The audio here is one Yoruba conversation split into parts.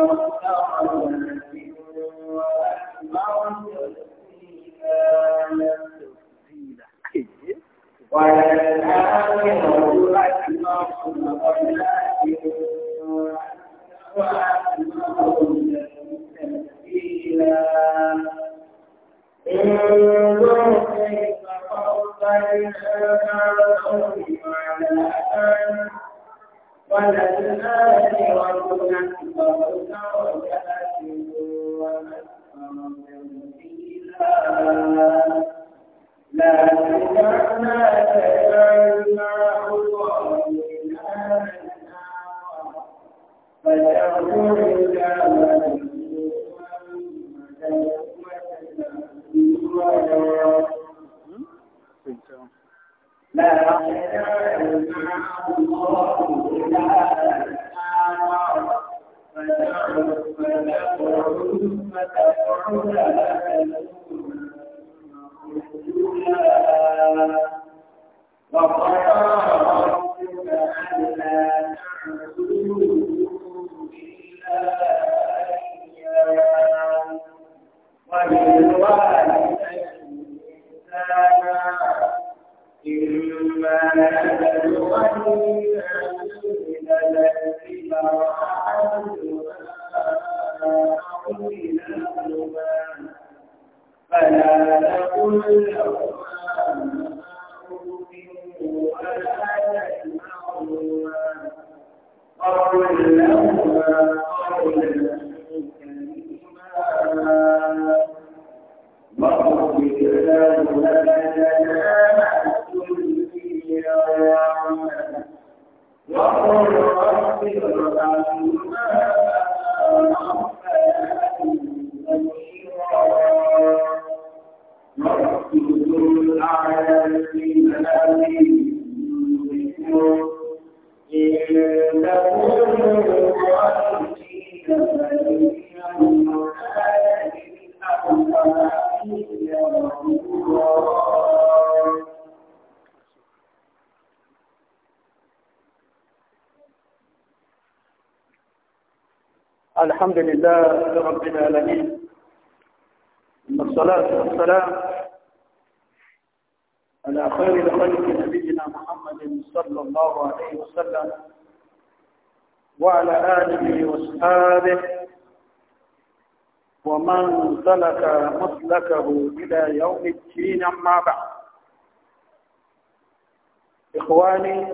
وَلَا أَعْلَمُ أَنَّ اللَّهَ الحمد لله رب العالمين والصلاة والسلام على خير خلق نبينا محمد صلى الله عليه وسلم وعلى آله وصحابه ومن سلك مسلكه إلى يوم الدين أما بعد إخواني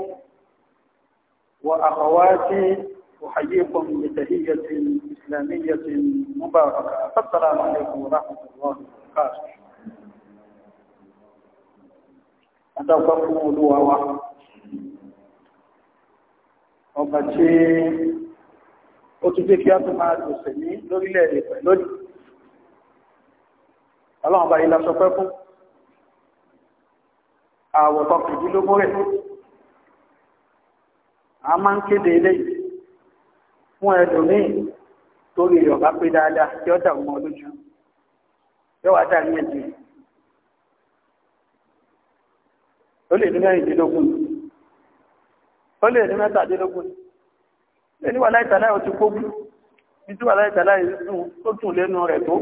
وأخواتي أحييكم بتحية إسلامية مباركة فالسلام عليكم ورحمة الله وبركاته أتوقفوا أولوها واحد ọba tí ó tún jẹ́ kí á tún máa lòsẹ̀ ní lórílẹ̀ èdè pẹ̀lú ọlọ́run bá ilá sọpẹ́ fún àwọ̀ tọkùnjúlógún rẹ̀ a máa ń kéde eléyìí fún ẹlòmíì torí rẹ̀ ọ̀bá pé dáadáa tí ó dàrú mọ́ lójú yóò wá dà ní ẹ̀jẹ̀ ó lè ní mẹ́rìndínlógún ó lè ní mẹ́tàdínlógún lè ní wà láìtàláì ó ti kókú ní tí wà láìtàláì tó tún lẹ́nu rẹ̀ tó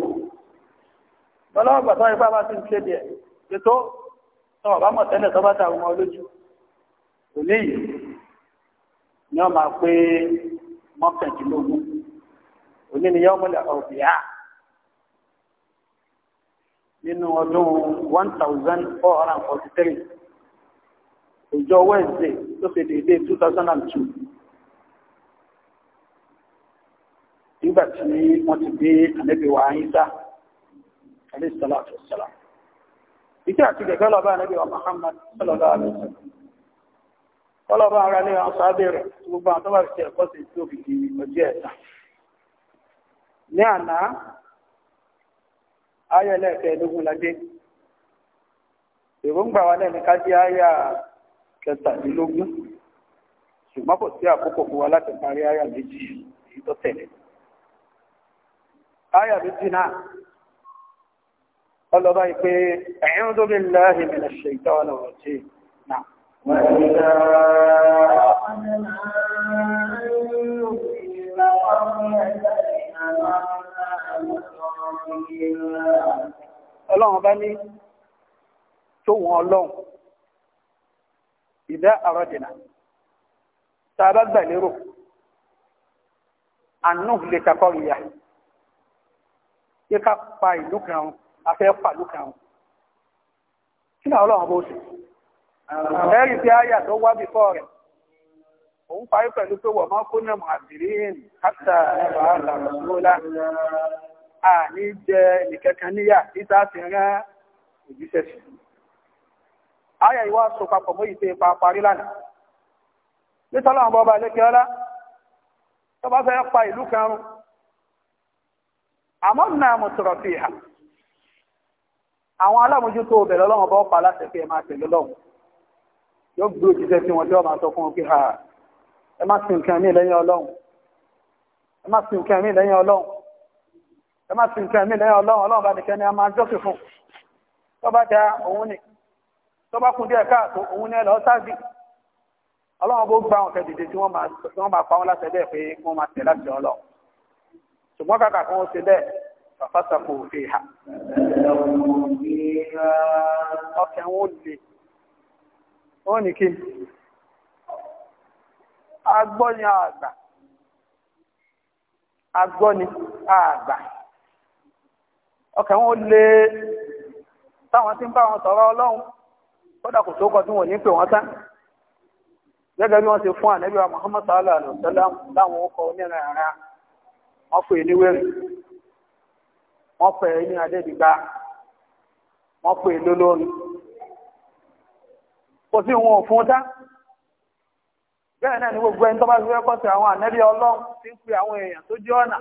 bọ́lọ́wọ́ gbàtọ́ ipá bá ti ń ṣe díẹ̀ ètò tọ́wọ̀ bá mọ̀ tẹ́lẹ̀ tọ́ bá tàwọn ọmọ olójú kò ni ọ máa pé mọ́kàndínlógún òní ni yọ́mọ́lẹ̀ ọ̀bìyà nínú ọdún one thousand four hundred and forty three ọjọ́ wednesday tó ṣe déédéé two thousand and two nígbà tí wọ́n ti gbé ànábì wa ayíṣá alayhi salatu àti gẹ̀gẹ́ lọ́ba ànábì wa muhammad sallallahu alayhi kọlọ́bà ara ní àwọn sáábẹ̀ rẹ̀ gbogbo àwọn tọ́bà ṣe ẹ̀kọ́ sí tí ó fi di ọjọ́ ẹ̀ta ní àná ayẹ̀ lẹ́ẹ̀kẹ́ẹ̀dógún lajé èròǹgbà wa lẹ́ni ká jẹ́ ayà kẹtàdínlógún ṣùgbọ́n kò sí àkókò fún wa láti parí ayà méjì èyí tó tẹ̀lé ayà méjì náà ọlọ́bà yìí pé a'udhu billahi minash shaitanir rajim وإذا أخذنا أن قرية Ọlọ́run bá ní tó wọn ọlọ́run, ìdá àrọ́dìnà, ta bá gbà lérò, àánú lè kakọ́ ìyà, kí ká pa ìlú kan, afẹ́ pàlú kan. Kí náà ọlọ́run bó ṣe? ẹ̀rí tí àyà tó wá bí O òun parí pẹ̀lú pé wọ̀n mọ́kún náà mọ̀ àbìríhìn káta ẹ̀rọ àlàmọ́lá àní jẹ nìkẹ́kẹ́ níyà títà ti rán òjíṣẹ́ sí àyà ìwá sọ papọ̀ mọ́ ìfẹ́ ipa parí lánàá àwọn bọ́ pa yóò gbé òjíṣẹ́ tí wọ́n tí wọ́n máa sọ fún òkè ha ẹ má sin nǹkan mí lẹ́yìn ọlọ́run ẹ má sin nǹkan mí lẹ́yìn ọlọ́run ẹ má sin nǹkan mí lẹ́yìn ọlọ́run ọlọ́run bá nìkan ni a máa jọ́sìn fún tó bá da òun ni tó bá kún díẹ̀ káàtó òun ni ẹ lọ sáàbì ọlọ́run bó gba àwọn kẹ dìde tí wọ́n máa pa wọn láti ẹ̀dẹ́ pé wọ́n máa tẹ̀ láti ọlọ́run ṣùgbọ́n kàkà kan ó ṣe bẹ́ẹ̀ fàfàṣàkò òfin ha ọkẹ̀ wọn lè oniki ní kí agbọ́ni àgbà agbọ́ni àgbà ọkẹ̀ wọn lè táwọn tí ń bá wọn sọ̀rọ̀ ọlọ́run kódà kò tó kọ tí wọ́n ní pè wọ́n tán gẹ́gẹ́ bí wọ́n ti fún ànẹ́bíwà wa Muhammad láwọn ara kò sí wọn ò fún dá bẹ́ẹ̀ náà ni gbogbo ẹni tó bá fẹ́ kọ́sẹ̀ àwọn ànẹ́bí ọlọ́run tí ń pe àwọn èèyàn tó jẹ́ ọ̀nà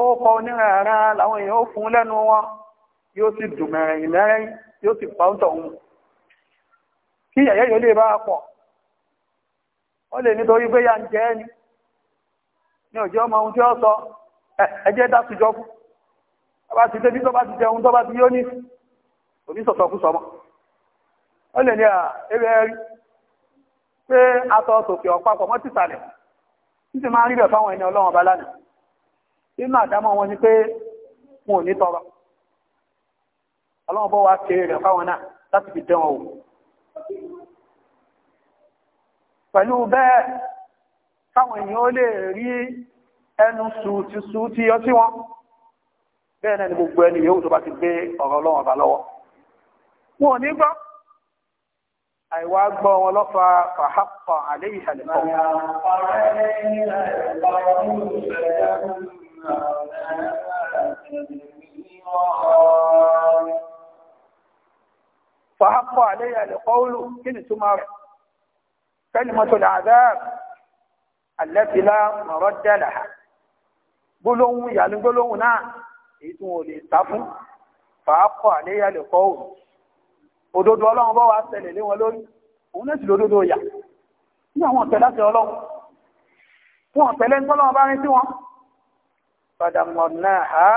ó kọ onírànràn làwọn èèyàn ó fún lẹ́nu wọn yóò sì dùn mẹ́rẹ̀yìn mẹ́rẹ̀yìn yóò sì pa ọ́ntọ̀ wọn kí yẹ̀yẹ́ yóò lè bá lè ní sọ bá ti bá ti ó lè ní à ewé rí pé atọ́ sòkè ọ̀pápọ̀ mọ́ tìsàlẹ̀ títí máa ń ríbẹ̀ fáwọn ẹni ọlọ́wọ̀n bá lánàá inú àdámọ́ wọn ni pé wọn ò ní tọrọ ọlọ́wọ̀n bọ́ wá kéré rẹ̀ fáwọn náà láti fi dẹ́wọ̀n wò pẹ̀lú bẹ́ẹ̀ káwọn èèyàn ó lè rí ẹnu sùúti sùúti yọ sí wọn bẹ́ẹ̀ náà ni gbogbo ẹni yóò tó bá ti gbé ọ̀rọ̀ ọlọ́wọ̀n bá lọ́wọ́ wọn ò ní gbọ́ àìwá gbọ́ wọn lọ́fà fàhápọ̀ àléyìí àlẹ́kọ̀ọ́. fàhápọ̀ àléyìí àlẹ́kọ̀ọ́ olù kí ni túmọ̀ rẹ̀ kalimatu al-azab allati la maradda laha gbólóhùn ìyàlú gbólóhùn náà èyí tí wọn lè sá fún fàhápọ̀ àléyìí àlẹ́kọ̀ọ́ òdodo ọlọ́run bọ́ wá ṣẹlẹ̀ lé wọn lórí òun náà sì lódodo yà ní àwọn ọ̀tẹ̀ láti ọlọ́run fún ọ̀tẹ̀ lẹ́nu tọ́lọ́run bá rin sí wọn padà mọ̀ náà á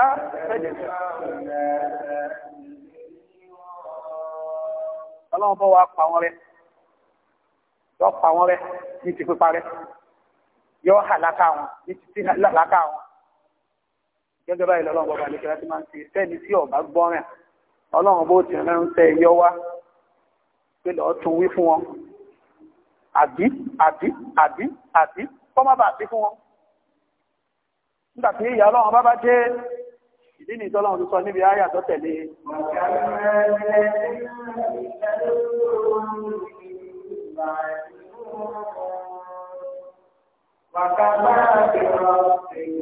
fẹ́jẹ̀ ọlọ́run bọ́ wá pa wọn rẹ̀ yọ pa wọn rẹ̀ ní ti pípa rẹ̀ yọ hà láká wọn ní ti láká wọn gẹ́gẹ́ báyìí lọ́lọ́run bọ́ bá lè kẹ́lá ti máa ń ṣe sẹ́ni sí ọ̀bá gbọ́rìn ọlọ́run bó ti ránṣẹ́ yọ wá pé lọ́ọ́ tún wí fún wọn àbí àbí àbí àbí kọ́ má bàa sí fún wọn nígbà tí ìyá ọlọ́run bá bá dé ìdí ni ìtọ́lọ́run tó sọ níbi ayà tó tẹ̀lé Wàkàtà àti ọ̀sẹ̀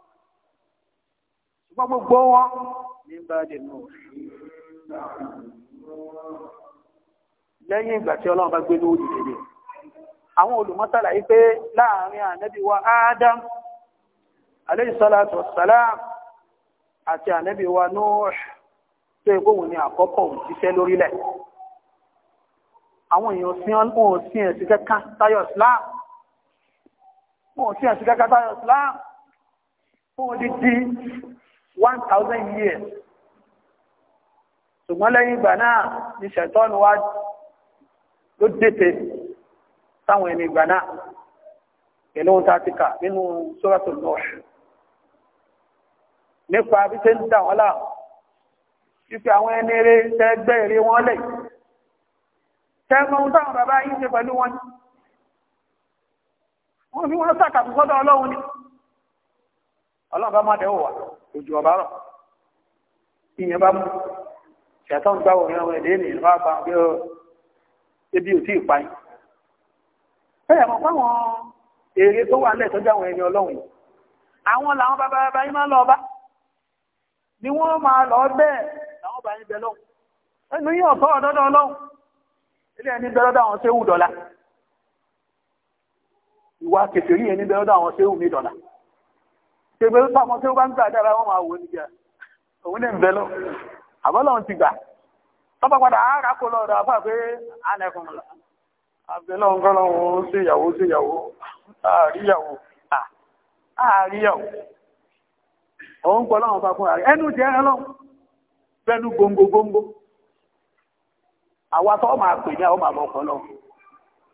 ṣùgbọ́n gbogbo wọn ní báyìí nù lẹ́yìn ìgbà tí ọlọ́run bá gbé ní òjì dédé àwọn olùmọ́sàlà yí pé láàrin ànẹ́bí Adam alayhi salatu àti ànẹ́bí wa tó ẹgbóhùn ni àkọ́kọ́ òjíṣẹ́ lórílẹ̀ àwọn èèyàn sí ọ̀hún sí ẹ̀sì kẹ́kà táyọ̀ Islam one thousand years ṣùgbọ́n lẹ́yìn ìgbà náà ni ṣẹ̀tọ́nù wá ló dètè sáwọn ẹni ìgbà náà pẹ̀lú ohun tàtíkà nínú sóràtò Nuh nípa bí ṣe ń dà wọ́n láà fífi àwọn ẹni eré tẹ́gbẹ́ eré wọn lẹ̀ tẹ́gbọ́n ohun táwọn bàbá yìí ṣe pẹ̀lú wọn wọ́n fi wọ́n sàkàtúnṣọ́dọ̀ ọlọ́run ni ọlọ́run bá má dẹ́wò wá òjò ọ̀bá rọ̀ ìyẹn bá mú ṣẹ̀tọ́ ń gbá òun ẹ̀wọ̀n èdè ènìyàn bá bá bí ó ebi ò tí ì pa yín ẹ̀yà mọ̀ fáwọn èrè tó wà nílẹ̀ tó jáwọn ẹni ọlọ́run àwọn làwọn bàbá bàbá yín máa lọ bá ni wọ́n máa lọ bẹ́ẹ̀ làwọn bàbá yín bẹ lọ́hùn ẹnu yín ọ̀tọ́ ọ̀dọ́dọ́ ọlọ́run ilé ẹni bẹ lọ́dọ̀ àwọn séwù dọ̀la ìwà kẹfẹ́rí ẹni bẹ lọ́dọ̀ àwọn séwù mi dọ̀la ṣègbè pàmò tí ó bá ń gbà dára wọn máa wò ní ìjà òun lè ń bẹ lọ àbọ́lọ́run ti gbà tọ́pọ̀ padà ara kó lọ́dọ̀ àbá pé ànẹ́kùn lọ àbẹ̀lọ́run kọ́lọ́run sí ìyàwó sí ìyàwó àríyàwó àríyàwó òun pọ̀ lọ́run fakún àrí ẹnu jẹ́ ẹlọ́run fẹ́nu gbogbogbò àwa tó máa pè ní àwọn màmá ọkọ̀ lọ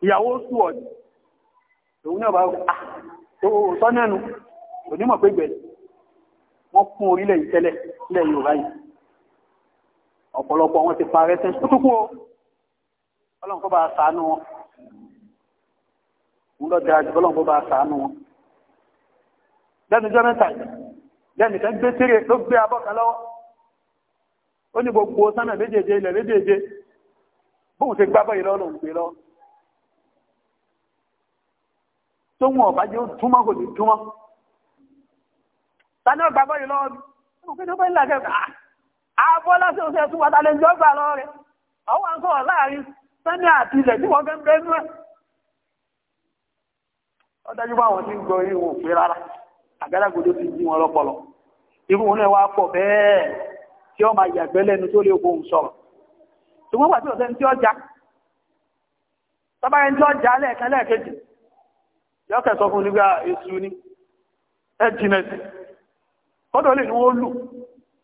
ìyàwó sùọ̀ òun náà bá tó sọ́nẹ́nu onímọ̀ pé gbẹ̀rẹ̀ wọ́n kún orílẹ̀ yìí tẹ́lẹ̀ ilẹ̀ Yorùbá yìí ọ̀pọ̀lọpọ̀ wọn ti parẹ́ tẹ́ tútúkú o Ọlọ́run kó bá ṣàánú wọn ń lọ dára jù Ọlọ́run kó bá ṣàánú wọn lẹ́nu jọ́ mẹ́ta lẹ́nìkan gbé tèrè ló gbé abọ́ka lọ́wọ́ ó ní gbogbo sánà méjèèje ilẹ̀ méjèèje bóun ti gbábọ́ yìí lọ́rùn gbé lọ́wọ́ tó wọn ọ̀bá jẹ́ ó túmọ̀ kò ní túmọ̀ tani ọgbà bọ́ọ̀lù lọ́wọ́ mi mo fi dúpẹ́ nílà kẹfà àbọ̀ lásán oṣù ẹ̀sùn wàtà lè jọ gbà lọ́wọ́ rẹ̀ àwọn àwọn sọ̀rọ̀ láàrin sani àti ilẹ̀ tí wọ́n fẹ́ ń bẹ́ẹ̀ nú ẹ̀. ó dájú bá àwọn tí ń gbọ́ irun òpin rárá àgádágodo ti jí wọn lọ́pọlọ irú wọn náà wá pọ̀ bẹ́ẹ̀ tí ó máa yàgbẹ́ lẹ́nu tó lè ohun sọ̀rọ̀ ṣùgbọ́n pàtó ọ̀sẹ̀ tí ó já tọ́bárẹ́ tí ó já lẹ́ẹ̀kan lẹ́ẹ̀kejì yọ́kẹ̀ sọ fún nígbà èṣù ni ẹ̀ jìnà sí ọdọ̀ lè ní wọ́n lù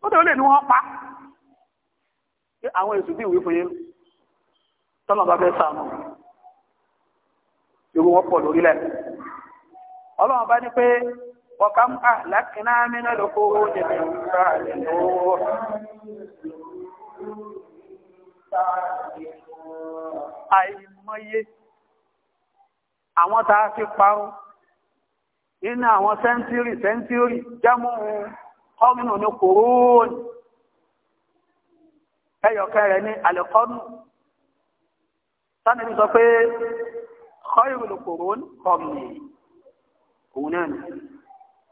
ọdọ̀ lè ní wọ́n pa àwọn èsù bí ìwé tọ́nà bá fẹ́ sàánù irú wọn pọ̀ lórílẹ̀ ọlọ́run bá ní pé ọ̀ká ń pa lákínà mínà lóko inú àwọn sẹ́ńtírì sẹ́ńtírì ohun alqarnu ní qurun ẹyọkẹ́ rẹ̀ ní alqarnu sanabi sọ pé khayrul qurun qarni òun náà ni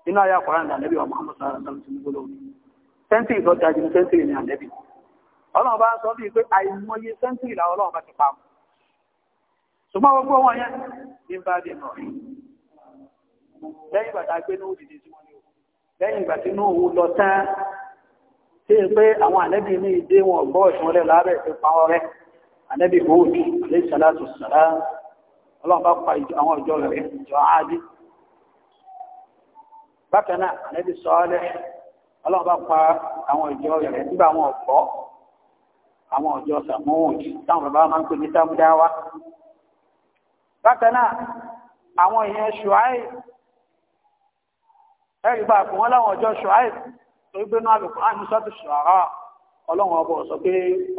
nínú ayé àkọ́rán ní ànẹ́bí wa muhammad sallallahu alaihi wasallam ti ń gbọ́dọ̀ sẹ́ńtì ìtọ́jú àjùmí sẹ́ńtì ní ànẹ́bí ọlọ́run bá sọ bíi pé àìmọye sẹ́ńtì lẹ́yìn ìgbà tí inú òun lọ tán tí è pé àwọn ànẹ́bí ní ìdí wọn gbọ́ ìṣun rẹ̀ láàrẹ̀ tó pa ọrẹ́ ànẹ́bí Hud alayhi salatu wassalam ọlọ́run bá pa àwọn ìjọ rẹ̀ ìjọ áádí bákan náà ànẹ́bí Salih ọlọ́run pa àwọn ìjọ rẹ̀ nígbà àwọn ọ̀pọ̀ àwọn ìjọ ẹ̀rí bá kò wọ́n láwọn ọjọ́ ṣùháìb tó gbé náà lùkù àmì sọ́tù ṣùhárá ọlọ́run ọba sọ pé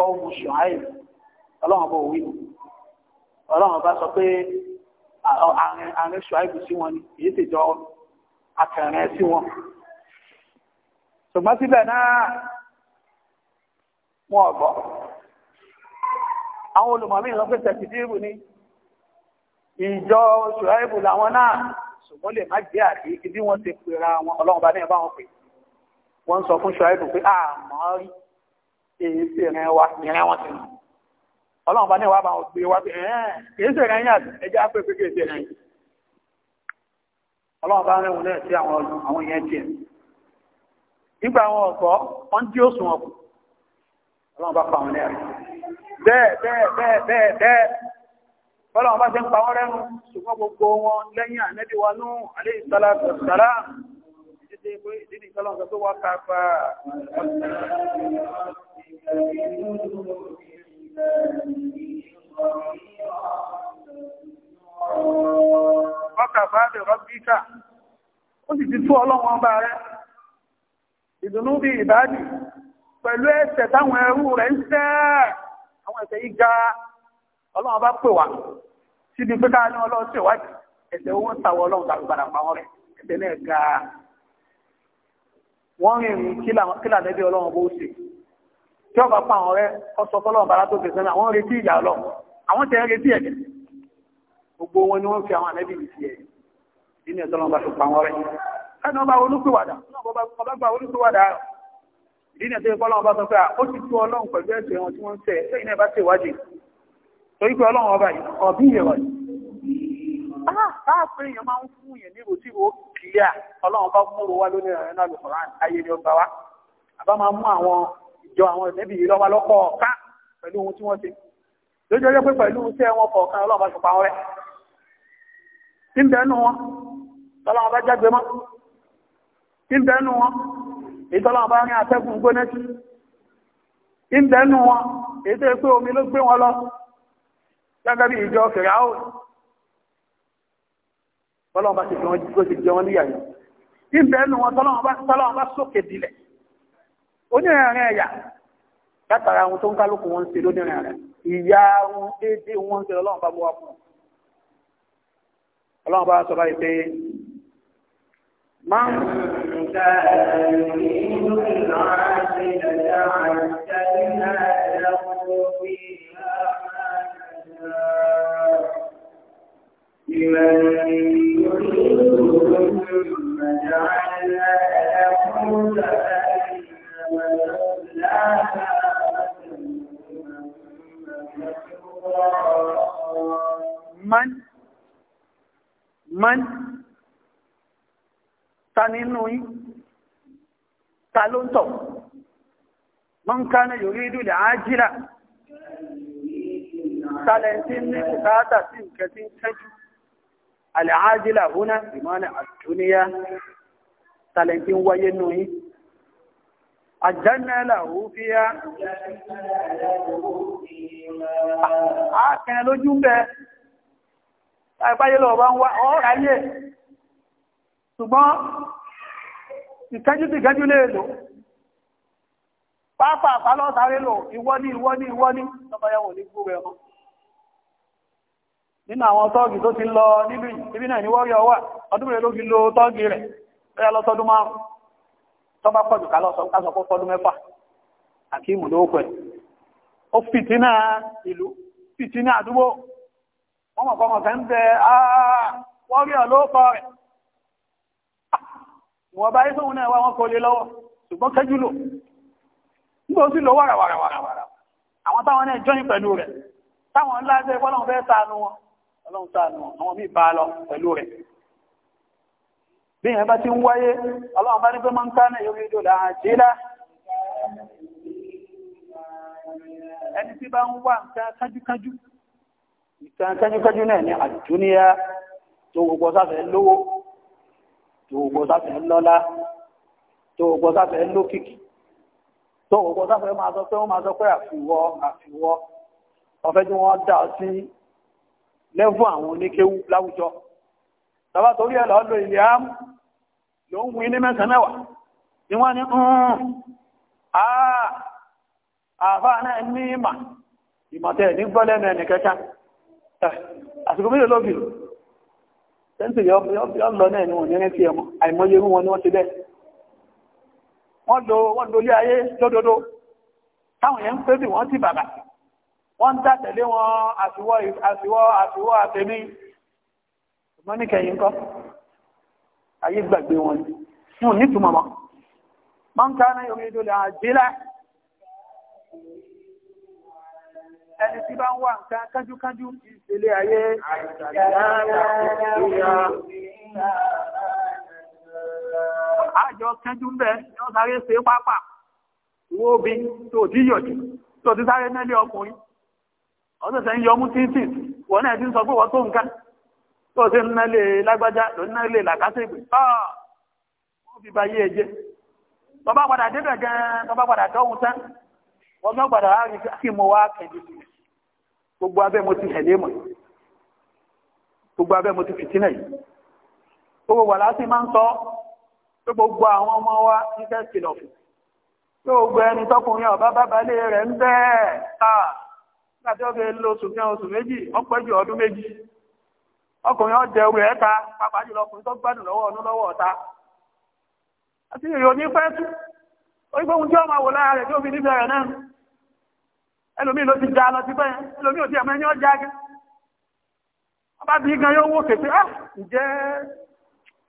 ọmọ ṣùháìb ọlọ́run ọba òwì ọlọ́run ọba sọ pé ààrẹ ṣùháìb sí wọn ni èyí ti jọ àtẹ̀rẹ̀ sí wọn ṣùgbọ́n síbẹ̀ náà wọn ọ̀gbọ́ àwọn olùmọ̀mí ìrọ́pẹ́ tẹ̀sídìrù ni ìjọ ṣùháìb làwọn náà ṣùgbọ́n lè má jẹ́ àti bí wọ́n ti pera wọn ọlọ́run bá náà bá wọn pè wọ́n sọ fún ṣọ́ẹ́bù pé ah, àmọ́ rí èyí sí ìrìn wa ìrìn wọn ti nù ọlọ́run bá náà wà bá wọn pè wá pé èyí sí ìrìn yàtọ̀ ẹjẹ́ á pè pé kí èsì ìrìn ọlọ́run bá rẹ̀wọ̀n náà sí àwọn èèyàn tiẹ̀ nígbà àwọn ọ̀gọ́ wọ́n dí òsùn ọ̀pù rí bọ́lá wọn bá ṣe ń pa wọ́n rẹ́nu ṣùgbọ́n gbogbo wọn lẹ́yìn ànẹ́bí wa nú alẹ́ ìsọ́lá sọ̀rọ̀ títí pé ìdíni ìsọ́lá sọ pé wọ́n kápá ọkàfà àti rọ́bíkà ó sì ti tó ọlọ́wọ́n bá rẹ̀ ìdùnnú bí ìbádìí pẹ̀lú ẹ̀ṣẹ̀ táwọn ẹrú rẹ̀ ọlọ́run bá pè wá síbi pé káà ní ọlọ́run ṣèwádìí ẹ̀sẹ̀ owó ń tàwọn ọlọ́run tàbí padà pa wọn rẹ̀ ẹ̀sẹ̀ náà ga wọ́n rìn rìn kílà lẹ́bí ọlọ́run bó ṣe tí ọba pa àwọn rẹ̀ ọsọ fọlọ́run bàrá tó gbèsè náà àwọn retí ìyá ọlọ́run àwọn tẹ̀ ń retí ẹ̀jẹ̀ gbogbo wọn ni wọ́n fi àwọn àlẹ́bí yìí sí nínú ẹ̀sọ́ ọlọ́run bá fi pa wọn rẹ̀ ẹni ọba olúkúwàdà ọba gba olúkúwàdà ìdí torí pé ọlọ́run ọba ọ̀bí ìyẹ̀wọ̀ yìí láàpín ah, èèyàn máa ń fún èèyàn ní ìròtí kìíyà ọlọ́run bá múrò wá lónìí ẹ̀rọ náà lùkọ̀rán ayé ni ó gbà wá àbá máa mú àwọn ìjọ àwọn ìdẹ́bì yìí lọ́wọ́ lọ́kọ̀ ọ̀ká pẹ̀lú ohun tí wọ́n ṣe lójú ọjọ́ pé pẹ̀lú iṣẹ́ wọn kọ̀ọ̀kan ọlọ́run bá ṣùpá wọn rẹ̀ wọn tọ́lọ́run bá jágbe mọ́ tí wọn èyí tọ́lọ́run bá rin atẹ́gùn gbóná sí ń wọn èyí tó yẹ pé omi ló gbé wọn lọ gẹ́gẹ́ bí ìjọ fìràó tọ́lọ́wọ́n bá ti fi wọn jí ó ti jẹ wọn ìbẹ̀ ẹnu wọn tọ́lọ́wọ́n bá sókè dilẹ̀ onírìnrìn ẹ̀yà látara àwọn tó ń kálukú wọn ń ṣe ìyá لمن يريد ثم جعلنا لكم من من ta nínú yín ta ló ń tọ̀ mọ́n kánà yóò àlàájílà húnà ìmọ̀nà àdúníyà tàlẹ̀ntí ń wáyé nù yí àjánà làwú fi yá ààkẹ́ lójú ń bẹ àìpáyé lọ bá ń wá ọ́rà ayé ṣùgbọ́n ìkẹ́jú ti gẹ́jú lè lò pápá àpálọ́ sáré lò ìwọ́ní ìwọ́ní ìwọ́ní tọ́bọ̀ yẹ̀wò ní gbúrẹ̀ ọmọ nínú àwọn tọ́ọ̀gì tó ti lọ níbi ibi náà ní wọ́ríọ̀ wà ọdún ló fi lo tọ́ọ̀gì rẹ̀ pé lọ́sọdún márùn tó bá pọ̀jù ká lọ́sọ mẹ́fà àkíìmù ló pẹ̀ ó fìtínà ìlú fìtínà àdúgbò wọ́n fẹ́ ń bẹ wọ́ríọ̀ ló pọ̀ rẹ̀ ah, wọ́n bá yí lọ ọlọ́run sáànù àwọn míì bá lọ pẹ̀lú rẹ̀ bí ìyẹn bá ti ń wáyé ọlọ́run bá ní pé máa ń ká náà yóò rédíò làájílá ẹni tí bá ń wá nǹkan kájúkájú nǹkan kájúkájú náà ní àdúníyá tó gbogbo sáfẹ́ lówó tó gbogbo sáfẹ́ lọ́lá tó gbogbo sáfẹ́ lókìkì tó gbogbo sáfẹ́ máa sọ pé wọ́n máa sọ pé àfiwọ́ àfiwọ́ ọ̀fẹ́ tí wọ́n dá ọ sí lẹ́fún àwọn oníkéwú láwùjọ tàbá torí ẹ̀lọ́ lò ilẹ̀ àmú ló ń wí ní mẹ́sàn mẹ́wàá ni wọ́n ni ah, àbá náà ní ìmà ìmọ̀tẹ̀ ní gbọ́lẹ́mẹ̀ ẹni kẹta eh, àsìkò mílò lóbi tẹ́ntì yọ́lọ náà ni wọ́n ní ẹni ẹmọ àìmọye irú wọn ni wọ́n ti bẹ́ wọ́n lo ilé ayé lódodo táwọn yẹn ń pé bí wọ́n ti bàbà wọ́n ń tàtẹ̀lé wọn àfiwọ́ àfiwọ́ àfiwọ́ àtẹ̀mí ṣùgbọ́n ní kẹyìn kọ́ ayé gbàgbé wọn ní òní túnmọ̀ mọ́ mọ́ ń ká náà yorí ìdólẹ̀ àjílá ẹni tí bá ń wà nǹkan kájúkájú ìṣẹ̀lẹ̀ ayé àjọ kẹjú ń bẹ́ yọ́ sáré ṣe pápá wo obin tó ti yọ̀jú tó ti sáré nẹ́lẹ̀ ọkùnrin ọ̀sẹ̀sẹ̀ ń yọ mú títìn wọ́n náà ti ń sọ pé wọ́n tó nǹkan tó ṣe ń lè lágbájá ló ń ná lè làkásẹ̀gbè ah! wọ́n fi ba yé ẹ jẹ́ padà débẹ̀ gan bàbá padà dọ́hun tán gbogbo àwọn ọmọ wa ń fẹ́ kìlọ̀ fún gbogbo ẹni ọ̀bá bábalẹ̀ rẹ̀ ń bẹ́ẹ̀ ah! láti ọ̀fẹ́ lọ oṣù mẹ́rin oṣù méjì ọpẹ́ ọdún méjì ọkùnrin ọ̀jẹ̀ orí ẹka pàápàá jùlọ ọkùnrin tó gbádùn lọwọ ọdún lọ́wọ́ ọ̀ta àti èrè òní fẹ́ tú orí pé ohun tí ọmọ wò lára rẹ̀ tí ó fi náà ẹlòmíì ló ti ọba gan yóò wò kété á ah,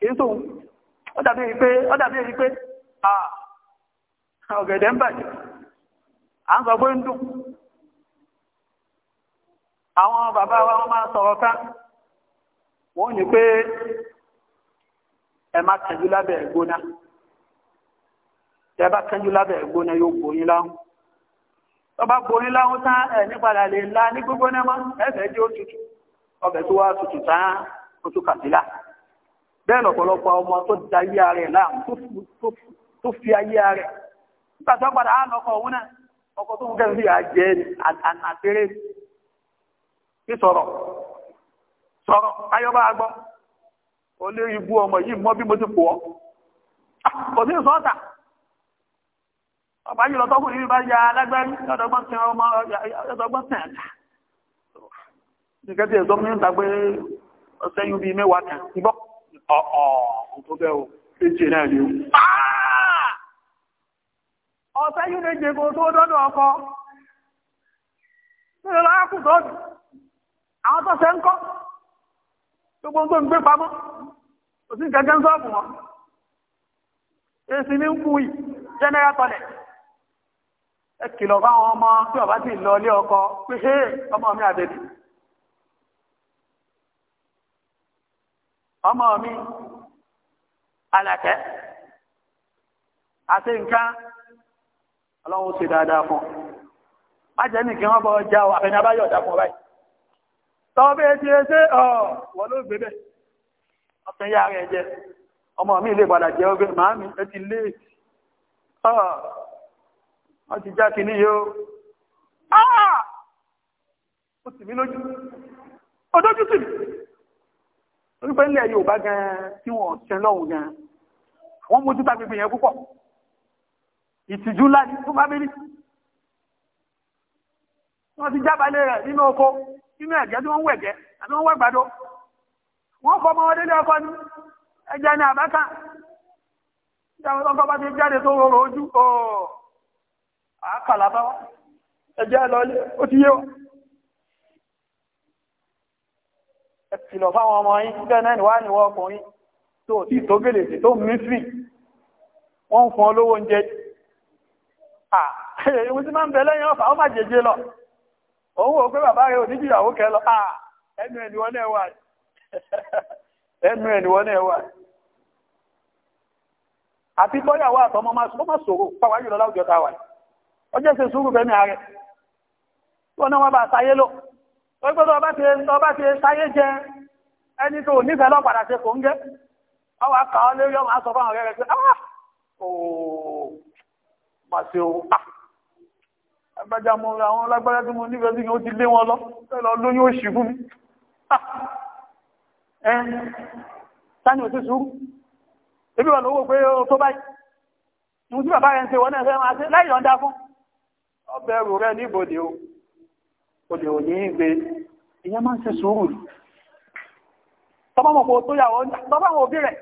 ǹjẹ́ ó dàbí àwọn bàbá wa wọ́n máa sọ̀rọ̀ ká wọ́n ní pé ẹ má kánjú lábẹ́ ẹ̀gbóná tẹ́ bá kánjú lábẹ́ ẹ̀gbóná yóò gbóyín láhùn tó bá gbóyín láhùn tán ẹ̀ nípadà lè ńlá ní gbógbóná mọ́ ẹ̀fẹ́ jẹ́ òtútù ọbẹ̀ tó wá tutù tán ó tún kàtílà bẹ́ẹ̀ lọ́pọ̀lọpọ̀ ọmọ tó da ayé rẹ̀ láàmú tó fi ayé rẹ̀ nígbà tó padà á lọ́kọ̀ òun náà ọkọ̀ tó ń kẹ́ kí sọ̀rọ̀ sọ̀rọ̀ ayọ́bá agbọ́ o lè ibú ọmọ yìí mọ́ bí mo ti pọ̀ kò sí sọ́ọ̀tà ọba yìí lọ́tọ́kùn ní bá ya alágbárí ọdọ́gbọ́n tẹ̀ ọmọ ọdọ́gbọ́n tẹ̀ ẹ̀ta nígbẹ́ tí mi ń dàgbé ọ̀sẹ́yìn bíi mẹ́wàá kan ìbọ́ ọ̀ọ̀ tó bẹ́ o èjì náà ni tó dọ́dọ̀ àwọn tó ṣe ń kọ́ gbogbo tó ń gbé pamọ́ kò sí gẹ́gẹ́ ń sọ́ọ̀bù wọn èsì ní ń kú yìí jẹ́nẹ́rà tọ́lẹ̀ ẹ kìlọ̀ bá wọn ọmọ tí ọba ti lọ ilé ọkọ pé ṣé ọmọ mi àbẹ̀bí ọmọ mi alàkẹ́ àti nǹkan ọlọ́run ṣe dáadáa fún ọ má jẹ́ nìkan wọ́n bọ́ ọjà àfẹnabáyọ̀ dá fún ọ báyìí tọ́bẹ̀ tí ẹ ṣe ọ̀ wọ́n ló gbé bẹ̀ ọ̀tẹ̀ yá rẹ̀ jẹ ọmọ mi lè padà jẹ ọgbẹ́ màámi ẹ ti lé ọ̀ wọ́n ti já kìíní yóò ó sì mí lójú ọdójú sí mi wípé ilẹ̀ Yorùbá gan-an tí wọ́n ṣe lọ́hùn gan-an wọ́n mójú tábìbì yẹn púpọ̀ ìtìjú ńlá ní fún bábélì wọ́n ti jábálẹ̀ rẹ̀ nínú oko nínú ẹ̀jẹ̀ tí wọ́n wẹ̀ jẹ́ àbí wọ́n wẹ̀ gbàdo wọ́n kọ́ ọmọ wọn délé ọkọ ní ẹja ní àbáta ọkọ̀ bá ti jáde tó rọrọ̀ ojú ọ̀ọ́ àákàlà bá wá ẹjẹ́ lọlé ó ti yé wọ́n ẹ̀kìlọ̀ fáwọn ọmọ yìí jẹ́ náà níwá níwọ́ ọkùnrin tó ti tó gèlè sí tó mísírì wọ́n fún olówó oúnjẹ òun ò pé bàbá rẹ̀ ò níbi kẹ lọ ẹnu ẹ̀ níwọ́n náà wà ẹnu ẹ̀ náà wà àti bọ́yàwó àtọmọ máa sòrò jùlọ láwùjọ ta wà ṣe sùúrù fẹ́mi ààrẹ wọn náà wọ́n bá sáyé lò ti sáyé jẹ ẹni tó nífẹ̀ẹ́ ṣe kò ń ah, o ah. agbájá mọ́ àwọn lágbájá tí mo nífẹ̀ẹ́ sí kí ó ti lé wọn lọ pẹ̀lú ọdún yóò fún mi ẹ́ tani ò sí sùúrù ebi wà lówó pé ó tó báyìí mo tí bàbá rẹ̀ ń ṣe wọ́n náà fẹ́ máa ṣe láì yọ̀ǹda fún ọbẹ̀ ẹrù rẹ̀ ní ìbòdè o òdè ò ní gbé ìyẹn máa ń ṣe sùúrù tọ́bọ̀mọ̀ kò tó yàwó tọ́bọ̀mọ̀ òbí rẹ̀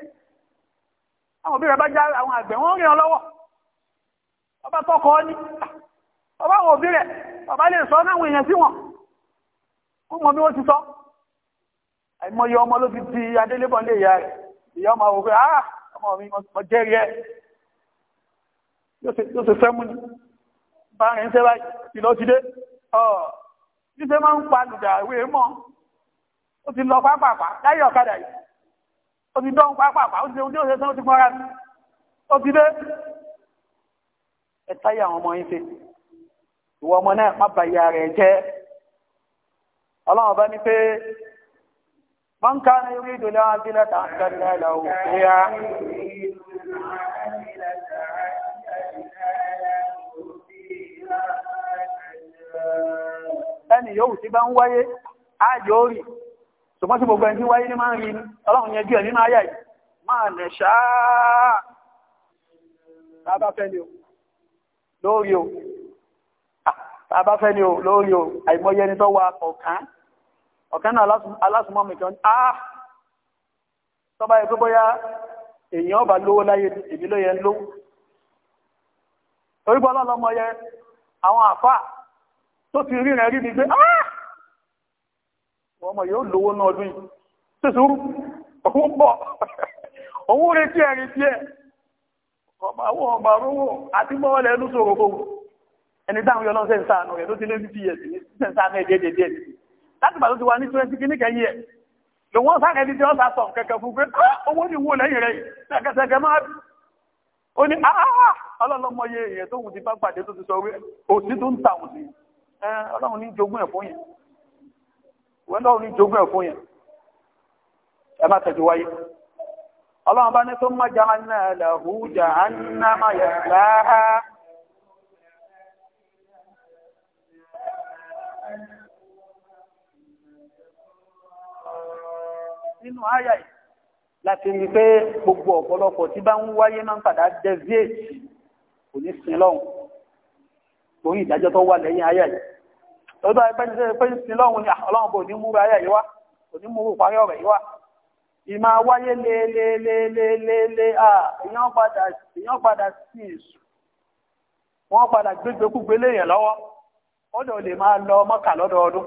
àwọn òbí rẹ̀ bá já àwọn àgbẹ̀ wọ́n rìn ọ lọ́wọ́ ọba tọ́kọ ní ọba àwọn òbí rẹ̀ bàbá lè sọ náà èèyàn sí wọn kó mọ bí wọ́n ti sọ àìmọye ọmọ ló fi ti adélébọ̀ lè ìyá rẹ̀ ìyá ọmọ òfin àà ah, ọmọ mi mọ jẹ́rìí ẹ̀ yóò ṣe fẹ́ mú bá rẹ̀ ń ṣe báyìí ìlọ́ ti àwọn ọmọ yín ìwọ ọmọ náà má bà ìyá rẹ̀ jẹ́ ọlọ́run bá ní pé wọ́n ká ní orí ìdòlẹ́ wọn sí lẹ́ta àkàrà ìlàwó ìyá ẹni yóò tí bá ń wáyé ààyò orí ṣùgbọ́n tí gbogbo ẹni wáyé ní máa ń rí ọlọ́run ẹ̀ bàbá fẹ́ ni o lórí o àìmọye ẹni tó wà ọ̀kán ọ̀kán náà alásùmọ́mì kan áà tọ́bá yẹ tó bóyá èèyàn ọba lówó láyé èmi ló yẹ ń lówó torí bọ́lá lọ́mọ yẹ àwọn àfà tó ti rí rẹ̀ rí mi gbé áà ọmọ yóò lówó náà ọdún yìí tó sùúrù òun bọ̀ òun retí ẹ̀ retí ẹ̀ ọmọ àwọn ọmọ ẹni táwọn yọ lọ́sẹ̀ ń sáànù rẹ̀ ló ti lé ní fíyẹ̀ sí ṣẹ̀ ń sáànù ẹ̀dẹ́ ẹ̀dẹ́ ẹ̀dẹ́ láti bàtó ti wá ní twenty kìíní kẹ́yìn ẹ̀ lòun sáà ẹni tí wọ́n sá sọ̀ kẹ̀kẹ́ fún pé ah, owó ní wo lẹ́yìn rẹ̀ sẹ̀kẹ̀sẹ̀kẹ̀ máa bí ó ní ah, ah, ọlọ́lọ́mọye èèyàn tó wùn ti bá pàdé tó ti sọ wí òsì tó ń ta òsì ọlọ́run ní jogún ẹ̀ fún yẹn ọlọ́run ní jogún ẹ̀ fún yẹn ẹ má tẹ̀jú wáyé ọlọ́run bá ní tó má jahannama lahu jahannama yẹn láhàá nínú àyà yìí láti rí pé gbogbo ọ̀pọ̀lọpọ̀ tí bá ń wáyé máa ń padà deviate kò ní sin lọ́hùn torí ìdájọ́ tó wà lẹ́yìn àyà yìí lọ́dọ̀ ẹgbẹ́ni pé ń sin lọ́hùn ni ah, ọlọ́run bò ní múra àyà yìí wá kò ní múrù parí ọ̀rọ̀ yìí wá ìmá wáyé lélélélélélé èèyàn padà sí èṣù wọ́n padà gbégbékúgbélé èèyàn lọ́wọ́ ó lè máa lọ mọ́kà lọ́dọọdún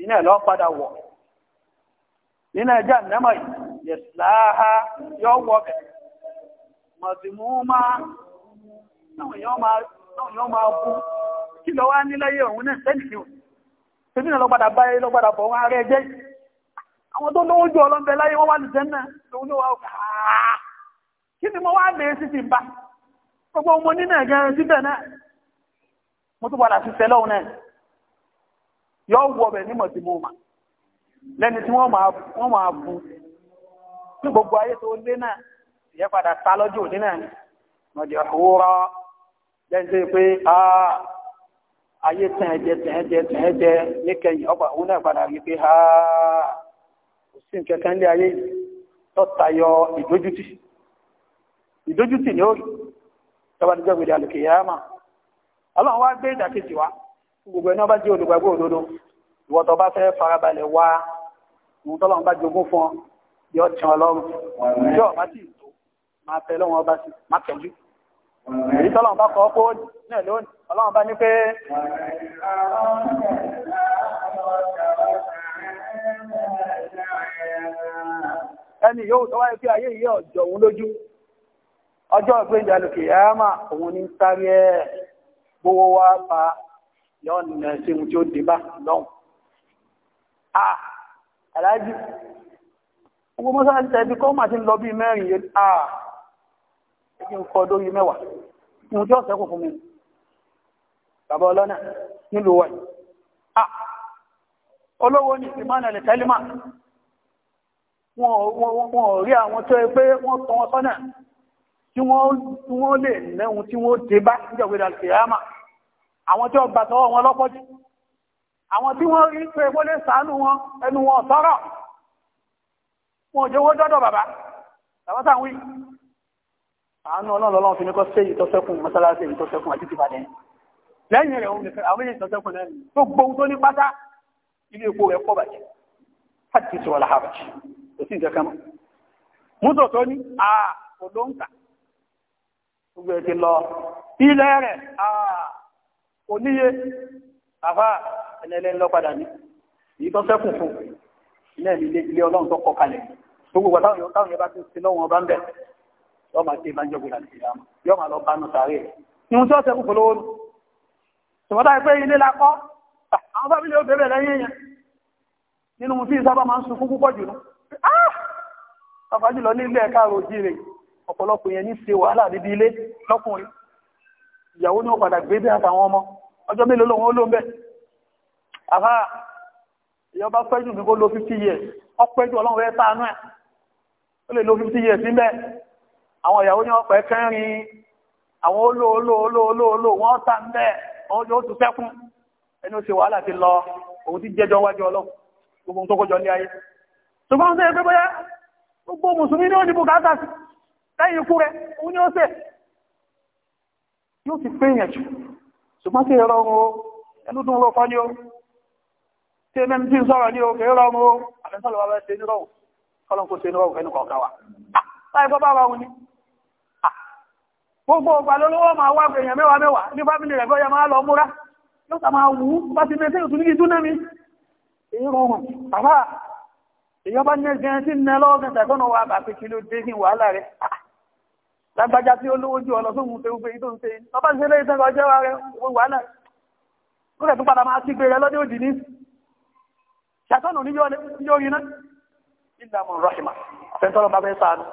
iná lọ padà wọ̀ nínú ẹjá nẹ́mọ̀ yẹ̀ láàá yọ wọ́ bẹ̀ mọ̀tìmú máa náà yọ máa bú kí lọ wá níláyé òun náà sẹ́nìkì ò tí nínú lọ́gbàdà báyé lọ́gbàdà bọ̀ wọ́n ààrẹ ẹjẹ́ àwọn tó lówó jù ọlọ́mbẹ láyé wọ́n wà ní jẹ́nà lòun ló wà kí ni mo gbogbo ọmọ nínú ẹ̀gẹ́ síbẹ̀ náà mo tó padà sí sẹ́lọ́ náà yọ wọ bẹ̀ nímọ̀ tí mo mà lẹ́ni tí wọ́n máa bu ní gbogbo ayé tó lé náà padà ta lọ́jọ́ òní náà ni mọ̀jẹ̀ pé ayé tẹ̀ tẹ̀ tẹ̀ níkẹyìn ọgbà òun náà padà rí pé kò sí nǹkan kan lé ayé ìdójútì ìdójútì ni ó rí tọ́ba àlùkè yàrá mà ọlọ́run wá gbé ìdàkejì wa. gbogbo ẹni ọba jẹ́ olùgbàgbọ́ òdodo ìwọ́tọ̀ bá fẹ́ farabalẹ̀ wá ohun tọ́lọ́run bá jogún fún ọ yọ tí wọn lọ́rùn ìjọ ọba sì tó máa tẹ lọ́wọ́n ọba sì má tẹ̀lú èyí tọ́lọ́run bá kọ́ kó náà lónìí ọlọ́run bá ní pé ẹni yóò tọ́wá pé ayé yìí ọjọ́ òun lójú ọjọ́ ìpéjọ alùpùpù yàrá mà òun ní sáré ẹ̀ gbowó wá pa yọ nà sí ohun tí ó débà lọ́hùn. a aláàjì gbogbo mọ́sálásí tẹ̀bí kọ́ máa ti ń lọ bí mẹ́rin yé a ẹgbẹ́ ń kọ́ lórí mẹ́wàá ohun tí ó sẹ́kù fún mi bàbá ọlọ́nà nílùú wọ̀nyí a olówó ní ìmọ̀nà lè tẹ́límà wọn ò rí àwọn tó ẹ wọ́n lè náà tí wọ́n dé bá níjọ̀gbẹ̀dà kìí àwọn tí ó gbà tọwọ́ wọn lọ́pọ̀jù àwọn tí wọ́n rí pé wọ́n lè sàánú wọn ẹnu wọn sọ́rọ̀ wọn jẹ́ owó dọ́dọ̀ bàbá tàbátà wí àánú ọlọ́lọ́lọ́wọ́ fi ní kọ́ sí ìtọ́sẹ́kùn mọ́sálásí ìtọ́sẹ́kùn àti tìbàdẹ́ lẹ́yìn rẹ̀ òun nìkan àwọn ìtọ́sẹ́kùn lẹ́yìn tó gbóhun tó ní pátá ilé epo rẹ̀ pọ̀ bàjẹ́ láti sọ làhàbàjì kò sí ìjẹ́kẹ́ mọ́ mútò tó ní à kò ló ń kà gbogbo ẹ̀ ti lọ ilẹ̀ rẹ̀ à kò níye àfá ẹnẹlẹ́ lọ́padà ní èyí tó sẹ́kùn fún náà ní ilé ọlọ́run tó kọ kalẹ̀ gbogbo wa táwọn yọ̀ọ́ táwọn yẹn bá ti sin lọ́wọ́ ọba ń bẹ̀ yọ́ máa ṣe ìbánjọ́ gbọ́dọ̀ àti ìyá yọ́ máa lọ bá nù sáré rẹ̀ ìhun tí ó sẹ́kùn fún lówó nù tòmọ́tà pé ilé la kọ́ àwọn fábílì ó bẹ̀rẹ̀ lẹ́yìn èèyàn nínú tí ìsábà máa ń sunkún púpọ̀ jù nù ah! àfájùlọ nílé ẹ̀ka àròjì rẹ̀ ọ̀pọ̀lọpọ̀ yẹn ní ṣe wàhálà níbi ilé lọ́kùnrin ìyàwó ní ó padà gbé bí àtàwọn ọmọ ọjọ́ mélòó lòun ó ló ń bẹ̀ àfá ìyọba pẹ́jù ní kó lo 50 years ọ pẹ́jù ọlọ́run rẹ̀ sáánú ẹ̀ ó lè lo 50 years níbẹ̀ àwọn ìyàwó ní ọpẹ́ kẹrin àwọn olóolóolóolóoló wọn tà ń bẹ̀ wọn yóò tún sẹ́kún ẹni ó ṣe wàhálà ti lọ òun ti jẹjọ wájú ọlọ́run gbogbo ohun tó kọjọ ní ayé ṣùgbọ́n ṣe é pé bóyá gbogbo mùsùlùmí ní ó ní bùkátà sí lẹ́yìn ikú rẹ̀ òun ni ó ṣe yóò ti péyàn jù ṣùgbọ́n tí ìrọrùn o ẹnúdún ọlọ́ fọ́ ní o tí ẹmẹ́m tí ń sọ́rọ̀ ní o kì í rọrùn o àfẹ́sọ́lọ́ wa bẹ́ ṣe ní rọrùn ṣe ní rọrùn ẹnu kọ̀ọ̀kan ah, ni ah, gbogbo ọgbà lólówó máa wá èèyàn mẹ́wàá lágbájá tí ó lówó jù ọ lọ sóhun fewúfe yìí tó ń ṣe ọba ń ṣe lẹ́yìn sẹ́kọ̀ọ́ jẹ́ wa rẹ wà náà ó rẹ̀ tó padà máa sí gbé rẹ lọ́dẹ òdì ní ṣàtọ́nù ní yóò rí náà ìlà mọ̀ rọ́ṣìmà àfẹ́ntọ́rọ̀ bá fẹ́ sáànù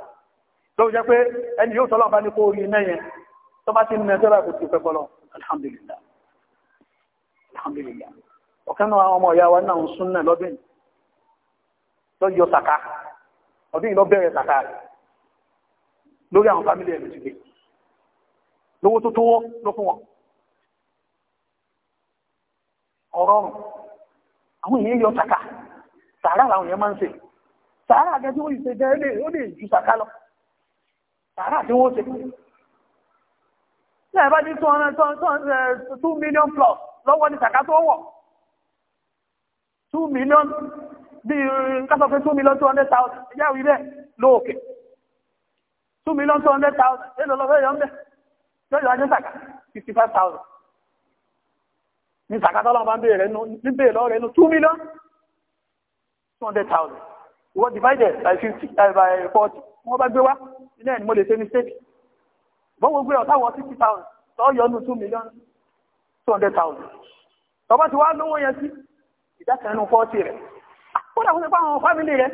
ló jẹ́ pé ẹni yóò tọ́lọ̀ bá ní kó rí náà yẹn tó bá ti ń mẹ́tọ́ kò tí pẹ́ bọ́lọ̀ alhamdulillah alhamdulillah ọ̀kan náà àwọn ọmọ ìyá wa náà ń sún náà lọ́dún lọ́yọ̀ lórí àwọn fámílì ẹ̀rù ti gbé lówó tó tówó ló fún wọn ọ̀rọ̀rùn àwọn èèyàn yọ tàkà sàárà làwọn èèyàn máa ń ṣe sàárà gẹ́gẹ́ tí wọ́n yìí ṣe jẹ́ ó lè ju sàkà lọ sàárà tí wọ́n ṣe ní ẹ̀bá ní 2 million plus lọ́wọ́ ní sàkà tó wọ̀ 2 million bí kásọ̀ 2 million 200,000 ẹjẹ́ ìwé lóòkè two million two hundred thousand èlò lọ́fẹ́ yọ ń bẹ̀ lọ́yọ̀ ajé sàkà fifty five thousand ní sàkà tọ́lọ́ bá ń bèèrè nù ní bèèrè lọ́rẹ̀ nù two million two hundred thousand ìwọ divided by fifty eh, by forty wọ́n bá gbé wá ilé ẹ̀ ni mo lè ṣe mistake bọ́n gbogbo ẹ̀ ọ̀táwọ̀ sixty thousand tọ́yọ̀ nù two million two hundred thousand tọ́ba ti wá lówó yẹn sí ìdákanú forty rẹ̀ kódà kó ti pa àwọn fámìlì rẹ̀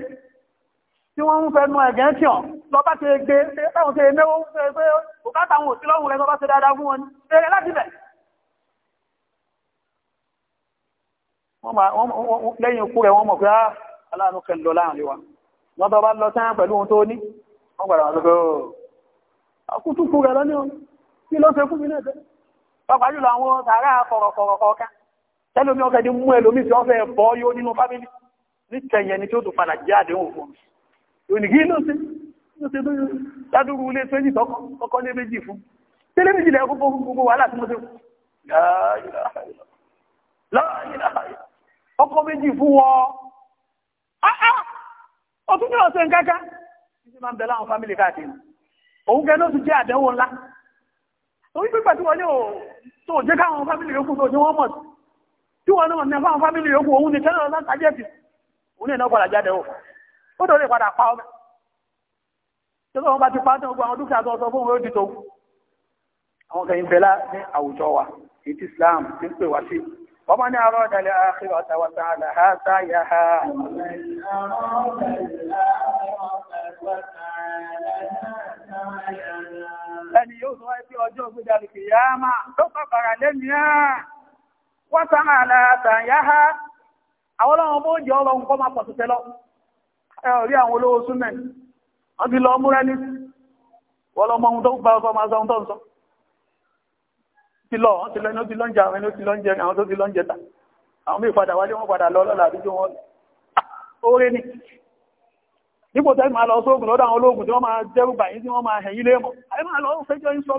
tí wọ́n ń fẹnu ẹ̀gẹ́ tí ọ̀ lọ́bá ti gbé ẹ̀wọ̀n tí ẹ̀mẹ́ ó fẹ́ pé òkátà àwọn òsílọ́hùn rẹ̀ lọ́bá ti dáadáa fún wọn ẹ̀rẹ́ láti bẹ̀. lẹ́yìn ikú rẹ̀ wọ́n mọ̀ pé ah, aláàánú kẹlọ láàrin wa ní wọ́n gbàdà oh, tí ó tún padà jáde òun fún mi onígi ló ṣe ló ṣe lóyún ládùúrú ilé sẹ́yìn tọkọ lé méjì fún tẹ́lẹ̀ méjì lẹ́yìn gbogbo gbogbo wàhálà tí mo ṣe ọkọ méjì fún wọn ọtún ah, ah! ní ọ̀sẹ̀ nǹkankan títí máa ń bẹ láwọn fámìlì káàkiri òun kẹ́ ló ti jẹ́ àdánwò ńlá torí pípa tí wọ́n ní ò tó jẹ́ káwọn fámìlì yòókù tó ní wọ́n mọ̀ tí wọ́n náà ní fáwọn fámìlì yòókù òun ní kẹ́lọ́ ó tó lè padà pa ọmọ tí wọ́n bá ti pa tán gbogbo àwọn dúkìá tó sọ fún òdì tó àwọn kẹyìn bẹ̀lá ní àwùjọ wa ètí Islam ti ń pè wá sí wọ́n bá ní àárọ̀ ìdàlẹ̀ àkírọ̀ àtàwàtà àlàhà sáyà ha ẹni yóò sọ ẹgbẹ́ ọjọ́ ògbédàlì kìyàmà tó pàpàrà lẹ́mìíà wọ́n sáà àlàhà sáyà ha àwọn ọlọ́run bó jẹ́ ọlọ́run kọ́ máa pọ̀ ẹ̀rí àwọn olówó súnmẹ̀ wọ́n ti lọ múrẹ́ ní lọ ohun tó gba ọkọ̀ máa sọ ohun tó ń sọ ti lọ wọ́n ti lọ lọ wọn lọ sóògùn lọ́dọ̀ àwọn lọ fẹ́jọ́ ń sọ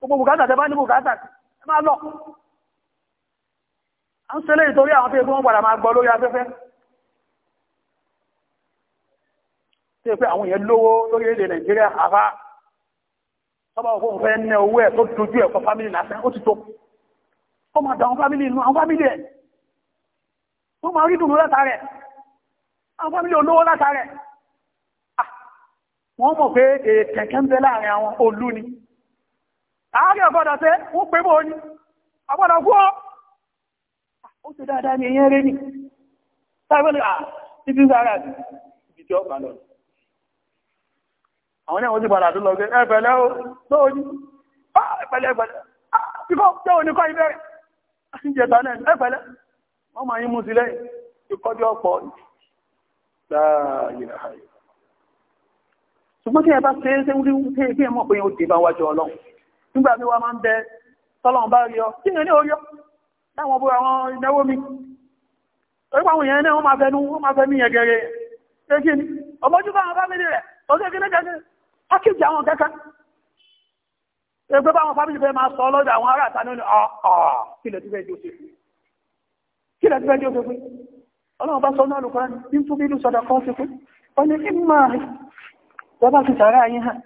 gbogbo bùkátà tẹ́ bá ní bùkátà ẹ máa lọ à ń ìtorí àwọn padà máa gbọ́ lórí tí ó pé àwọn èèyàn lówó lórí èdè nàìjíríà àbá sọ́bà òkú fẹ́ ní owó ẹ̀ tó dojú ẹ̀kọ́ fámílì lásán ó ti tó ó máa dàwọn fámílì inú àwọn fámílì ẹ̀ ó máa rí dùnú látàrẹ̀ àwọn fámílì olówó látàrẹ̀ ah! wọ́n mọ̀ pé kẹ̀kẹ́ ń bẹ láàrin àwọn olú ni àárẹ̀ ọ̀gbọ́dọ̀ tẹ́ ó pé mọ́ ní ọgbọ́dọ̀ kú ah! ó ti dáadáa ní ẹyẹ́ rẹ̀ ní sáàbẹ̀lẹ̀ àti ìbí sára ìbí tí lọ́nà àwọn náà wọ́n ti padà tó lọ gẹ́ ẹ̀fẹ̀lẹ́ o tó o ní ah, ẹ̀fẹ̀lẹ́ ẹ̀fẹ̀lẹ́ kíkọ́ ah, tó o ní kọ́ ìbẹ̀rẹ̀ ah, ìjẹta náà ẹ̀fẹ̀lẹ́ wọ́n máa yí mú sílẹ̀ ìkọ́jú ọ̀pọ̀ ṣùgbọ́n tí ẹ bá ṣe é ṣe wúrí wúrí tí ẹ mọ̀ pé ó dé bá wájú ọlọ́run nígbà tí wọ́n máa ń bẹ tọ́lọ́run bá rí ọ kí ni ó rí ọ láwọn bó àwọn ìnáwó mi orípa àwọn èèyàn náà wọ́n máa fẹ́ ní yẹn gẹ̀rẹ̀ ṣe kí ni ọmọjú bá wọn bá mẹ́lẹ̀ rẹ̀ ọjọ́ kí ní gẹ̀rẹ̀ pákéjì àwọn kẹ́kẹ́ ẹgbẹ́ bá wọn fábílì fẹ́ máa sọ lọ́dọ̀ àwọn ará àtàní ní ọ̀ọ̀ kílẹ̀ tí fẹ́ jẹ́ òṣèlú kílẹ̀ tí fẹ́ jẹ́ òṣèlú ọlọ́run bá sọ náà lùkọ́ ní tún bí lùsọ̀dọ̀ kan fi kún ó ní kí máa rí bọ́bá ti sàárá yín hàn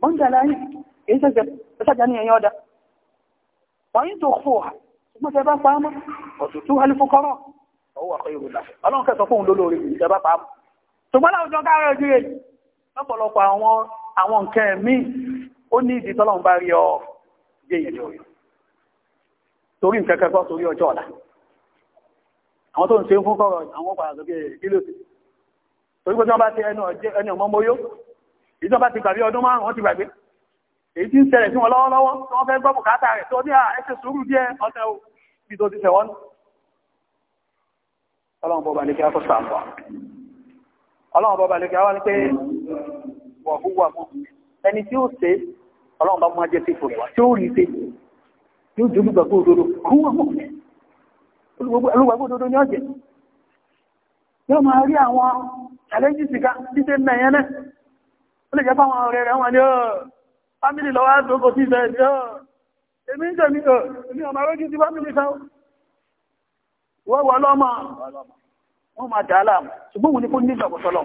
wọ́n jà láyé èyí tẹ́jẹ́ ẹ̀sàjà ní ẹ̀yìn ọ̀dà wọ́n yín tó fò hà ṣùgbọ́n tẹ bá àwọn nǹkan ẹ̀mí ó ní ìdí tọ́lọ́run bá rí ọ gbé ìjọ rẹ̀ torí nǹkan kẹkọ́ torí ọjọ́ ọ̀la àwọn tó ń ṣe ń fún kọ́rọ̀ àwọn padà sókè kílò sí torí pé tí wọ́n bá ti ẹnu ọmọ mọ́yó èyí tó bá ti gbàgbé ọdún márùn-ún ti gbàgbé èyí tí ń ṣẹlẹ̀ sí wọn lọ́wọ́lọ́wọ́ tí wọ́n fẹ́ gbọ́ bùkátà rẹ̀ tó ní à ẹsẹ̀ sùúrù díẹ̀ ọ̀sẹ̀ o bí tó ti ṣẹ̀wọ́n ọlọ́run bọ́ba ní kí á kó sàmùwà ọlọ́run bọ́ba ní kí á wá ní pé wàhúwà mọ́bí ẹni tí ó ṣe ọlọ́run bá mú ajé sí fòrò tí ó rí ṣe tí ó jùlọ gbàgbọ́ òdodo húwà mọ́bí olùgbàgbọ́ òdodo ní ọ̀jẹ̀ yóò máa rí àwọn àlẹ́jì sìká títẹ́ mẹ́yẹn náà ó lè jẹ́ fáwọn ọ̀rẹ́ rẹ̀ wọn ni ó fámìlì lọ́wọ́ àdókò tí ìfẹ́ ìdí ó èmi ń tẹ̀mí ó èmi ọmọ arójú ti fámìlì sáwọ́ wọ́wọ́ ọlọ́mọ wọ́n máa dàálà ṣùgbọ́n òun ni kó nígbàgbọ́sọ́lọ́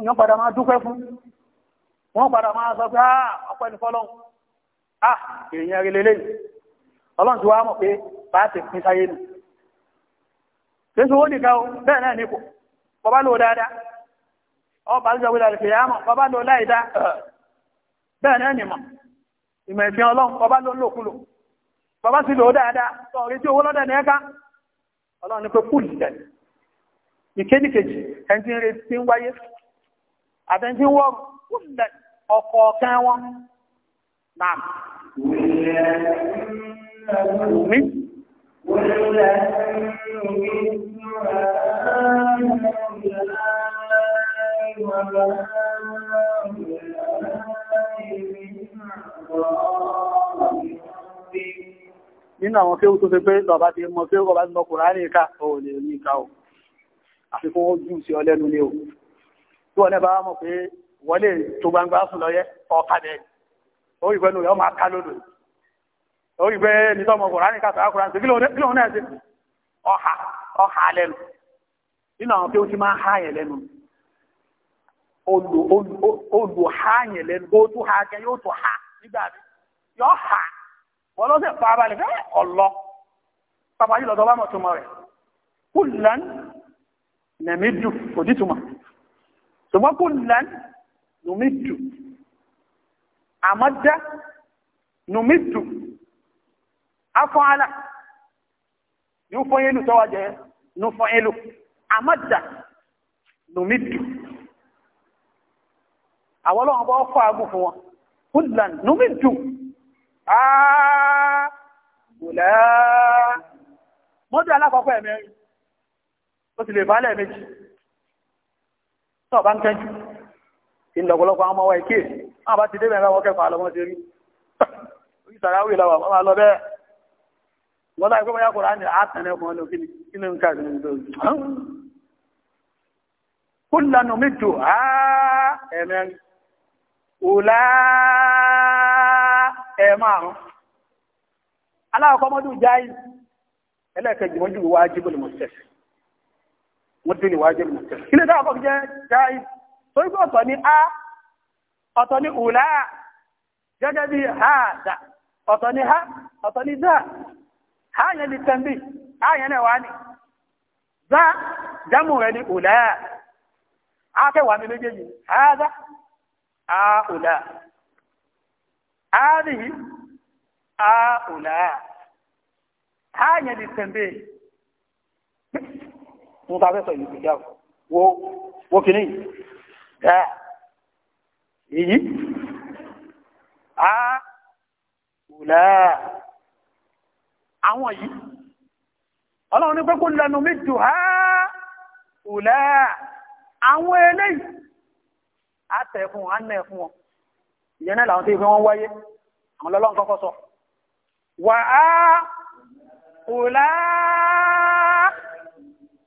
èèyàn padà máa dúpẹ́ fún wọ́n padà máa sọ pé ah, ọpẹ́ ní fọ́lọ́n ah èèyàn rí lélẹ́ ti wá mọ̀ pé bá ti pín sáyé nù ṣe ó nìkan ó bẹ́ẹ̀ náà nípò bọ́bá lò dáadáa bọ́bá lò tí owó lọ́dẹ̀ ọlọ́run pé ẹni tí ń ń wáyé àtẹ̀ntí wọ́n kúlẹ̀ ọ̀kọ̀ọ̀kan wọn náà mi nínú àwọn kéwù tó fẹ́ pé lọ́bá ti mọ̀ kéwù ọba ti mọ̀ kùránì ká ò lè ní ìka ò àfikún ó jù sí ọlẹ́nu ní òun wọn náà bá wà mọ̀ pé wọlé tó gbangba sùn lọ́yẹ ọ̀kadà ẹ̀ ó rí pẹ́lú ọmọ aká lódò ó rí pẹ́ nítorí ọmọ kòránì kàtà àkùránì kí lóun náà ṣe lẹ́nu nínú àwọn ó ti máa ń yẹn lẹ́nu olù há yẹn lẹ́nu bó tó há kẹ́ yóò tó há nígbà mi yóò há wọ́n lọ́sẹ̀ farabalẹ̀ fẹ́ ọ̀lọ́ pàpàjù lọ́dọ̀ bá mọ̀ tó mọ̀ rẹ̀ kúlẹ̀ nàmídù òdìtùmọ̀ ṣùgbọ́n kò lẹ́n nùmídù àmọ́dá nùmídù afọ́nlá yóò fọ́n yẹlù tọ́wọ́ jẹ́ nùfọ́n yẹlù àmọ́dá numitu, àwọn ọlọ́wọ́n bọ́ fọ́ àgùn fún wọn kò lẹ́n nùmídù ààbùlẹ́ alákọ̀ọ́kọ́ ẹ̀mẹ́rin ó sì lè bá lẹ́ẹ̀mejì tọ́ bá ń kẹ́jú tí lọ́pọ̀lọpọ̀ àwọn ọmọ wa ìkíyè máa bá ti dé bẹ̀rẹ̀ wọ́n kẹfà lọ́mọ sí rí orí sàráwì lọ́wọ́ wọ́n máa lọ bẹ́ẹ̀ wọ́n láì pé bóyá kò ráńdì àtẹ̀lẹ́ ọmọ lọ kíni kí ni ń kà sí nígbà òjò kó lanu mi dùn á ẹ̀mẹ́ òlá mọ́tìrì wájú mi. ilé dáhùn fọ́ọ̀kì jẹ́ jáì torí pé ọ̀tọ̀ ni a ọ̀tọ̀ ni ùlà gẹ́gẹ́ bí ha dà ọ̀tọ̀ ni ha ọ̀tọ̀ ni dà ha yẹn ni tẹ̀m̀bì ha yẹn náà wá ní. za jámù rẹ ni ùlà a wà mí méjèèjì ha dà a ùlà a rí a ni tẹ̀m̀bì ń ta fẹ́ sọ yìí ìyá wo wo kìíní ẹ a wùlẹ̀ àwọn yìí ọlọ́run ní pé lẹ́nu mi jù á wùlẹ̀ àwọn eléyìí á tẹ̀ fún wọn á làwọn tí ìfẹ́ wáyé àwọn lọ́lọ́run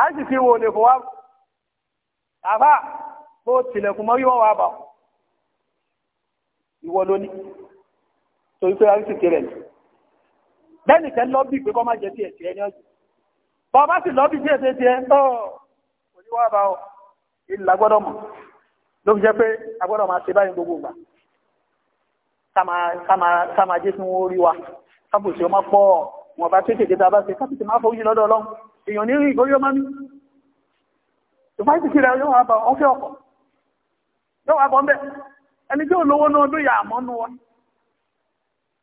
àìsìkí wo lè fọwọ́ àfà bó tilẹ̀kùn mọ́ yíwọ́n wà bá ìwọ lóní torí pé àìsìkí rẹ̀ ni bẹ́ẹ̀ni kẹ́ lọ́bì pé kọ́ má jẹ́ tiẹ̀ tiẹ̀ ní ọjọ́ bàbá sì lọ́bì tiẹ̀ tiẹ̀ tiẹ̀ ọ́ oníwà bá ọ ìlà gbọ́dọ̀ mọ̀ ló fi jẹ́ pé agbọ́dọ̀ máa ṣe báyìí gbogbo ìgbà ká máa jẹ́ fún orí wa kábòsí ọmọ pọ̀ wọn bá tètè tá a bá ṣe ká tètè máa fọwọ́ yìí lọ́dọ̀ ọlọ́run èèyàn ní rí ìgbórí ọmọ mi tó kí rẹ̀ yóò wà bá ọkọ̀ yóò wà bọ́ ẹni tí ó lówó náà ló yà àmọ́ nú wa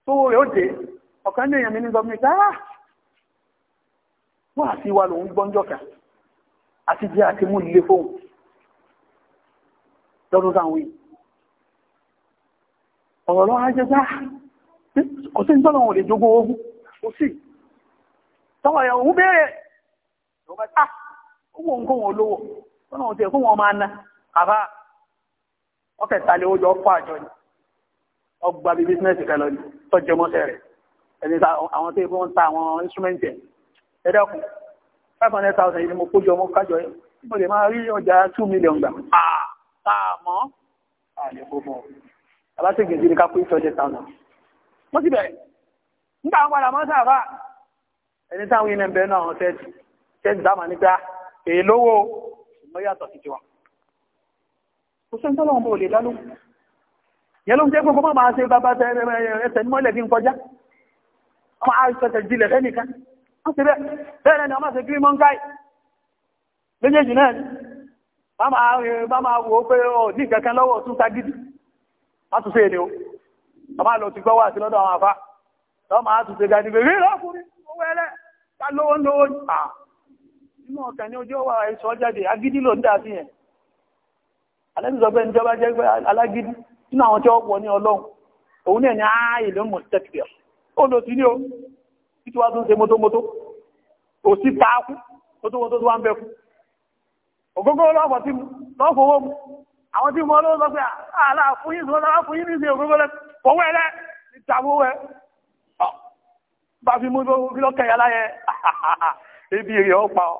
tó rẹ̀ ó dé ọ̀kan ní èèyàn mi ní gọọmenti rárá wọ́n àti wa lòun gbọ́njọ́ ọba tá owó nǹkan wọn olówó wọn náà ti ẹ̀kọ́ wọn máa ná àbá ọkẹ̀ tàlẹ̀ ojọ́ fún àjọ ni ọgbà bí bísínẹ́sì kan lọ ni tọ́jọ mọ́sẹ̀ rẹ̀ ẹni àwọn tó ń ta àwọn instrument ẹ̀ ẹ̀dẹ́kùn five hundred thousand yìí ni mo kójọ mọ́ kájọ yìí mo lè máa rí ọjà two million gbà àmọ́ àlè gbogbo alásègbè sí ni ká kó eight hundred thousand wọ́n ti bẹ̀rẹ̀ nígbà wọn padà mọ́sẹ̀ àbá ẹni táwọn yìí náà bẹ̀rẹ̀ náà àwọn tẹ́ẹ̀tì tẹ́sí dáàmà nígbà ah, èè lówó ṣùgbọ́n yàtọ̀ sí tiwa kò sẹ́ni tó lọ́wọ́ bó lè dá lóhùn yẹn ló ń jẹ́ gbogbo máa ṣe bàbá ẹsẹ̀ ní mọ́lẹ̀ bí n kọjá ọmọ àìsẹ̀sẹ̀ jílẹ̀ lẹ́nìkan wọ́n ti bẹ́ bẹ́ẹ̀ ni ọmọ ṣe kí mọ́ ń káì méjèèjì náà ni bá máa wò ó pé ọ ní kankan lọ́wọ́ tún sagidi wọ́n tún ṣe èdè o ọmọ àlọ́ ti gbọ́wọ́ àti lọ́dọ̀ àwọn àfá lọ́mọ àtúnṣe gani bèbí lọ́kùnrin owó ẹlẹ́ inú ọkà ní ojú ọwà ẹ̀ṣọ́ jáde agídí ló ń dá sí ẹ̀ alẹ́bìsọ̀gbẹ́ ní jọba jẹ́ pé alágídí nínú àwọn tí ó wọ ní ọlọ́run òun náà ni ààyè ló mọ̀ tẹ́tìbẹ̀ ó lò sí ní o títí wá tó ń ṣe mótómótó ò sí taakú mótómótó tó wá ń bẹ́kú ògógó lọ́fọ̀ tí mu lọ́fọ̀ owó mu àwọn tí mo ló sọ pé ah, àlà fún yín sọ́dọ̀ wá fún yín níṣe ògógó lẹ fọwọ́ ẹ lẹ níta fọwọ́ ẹ bá fi mú kí lọ́kẹ́ yàrá yẹ ebi èrè ọ̀pá ọ̀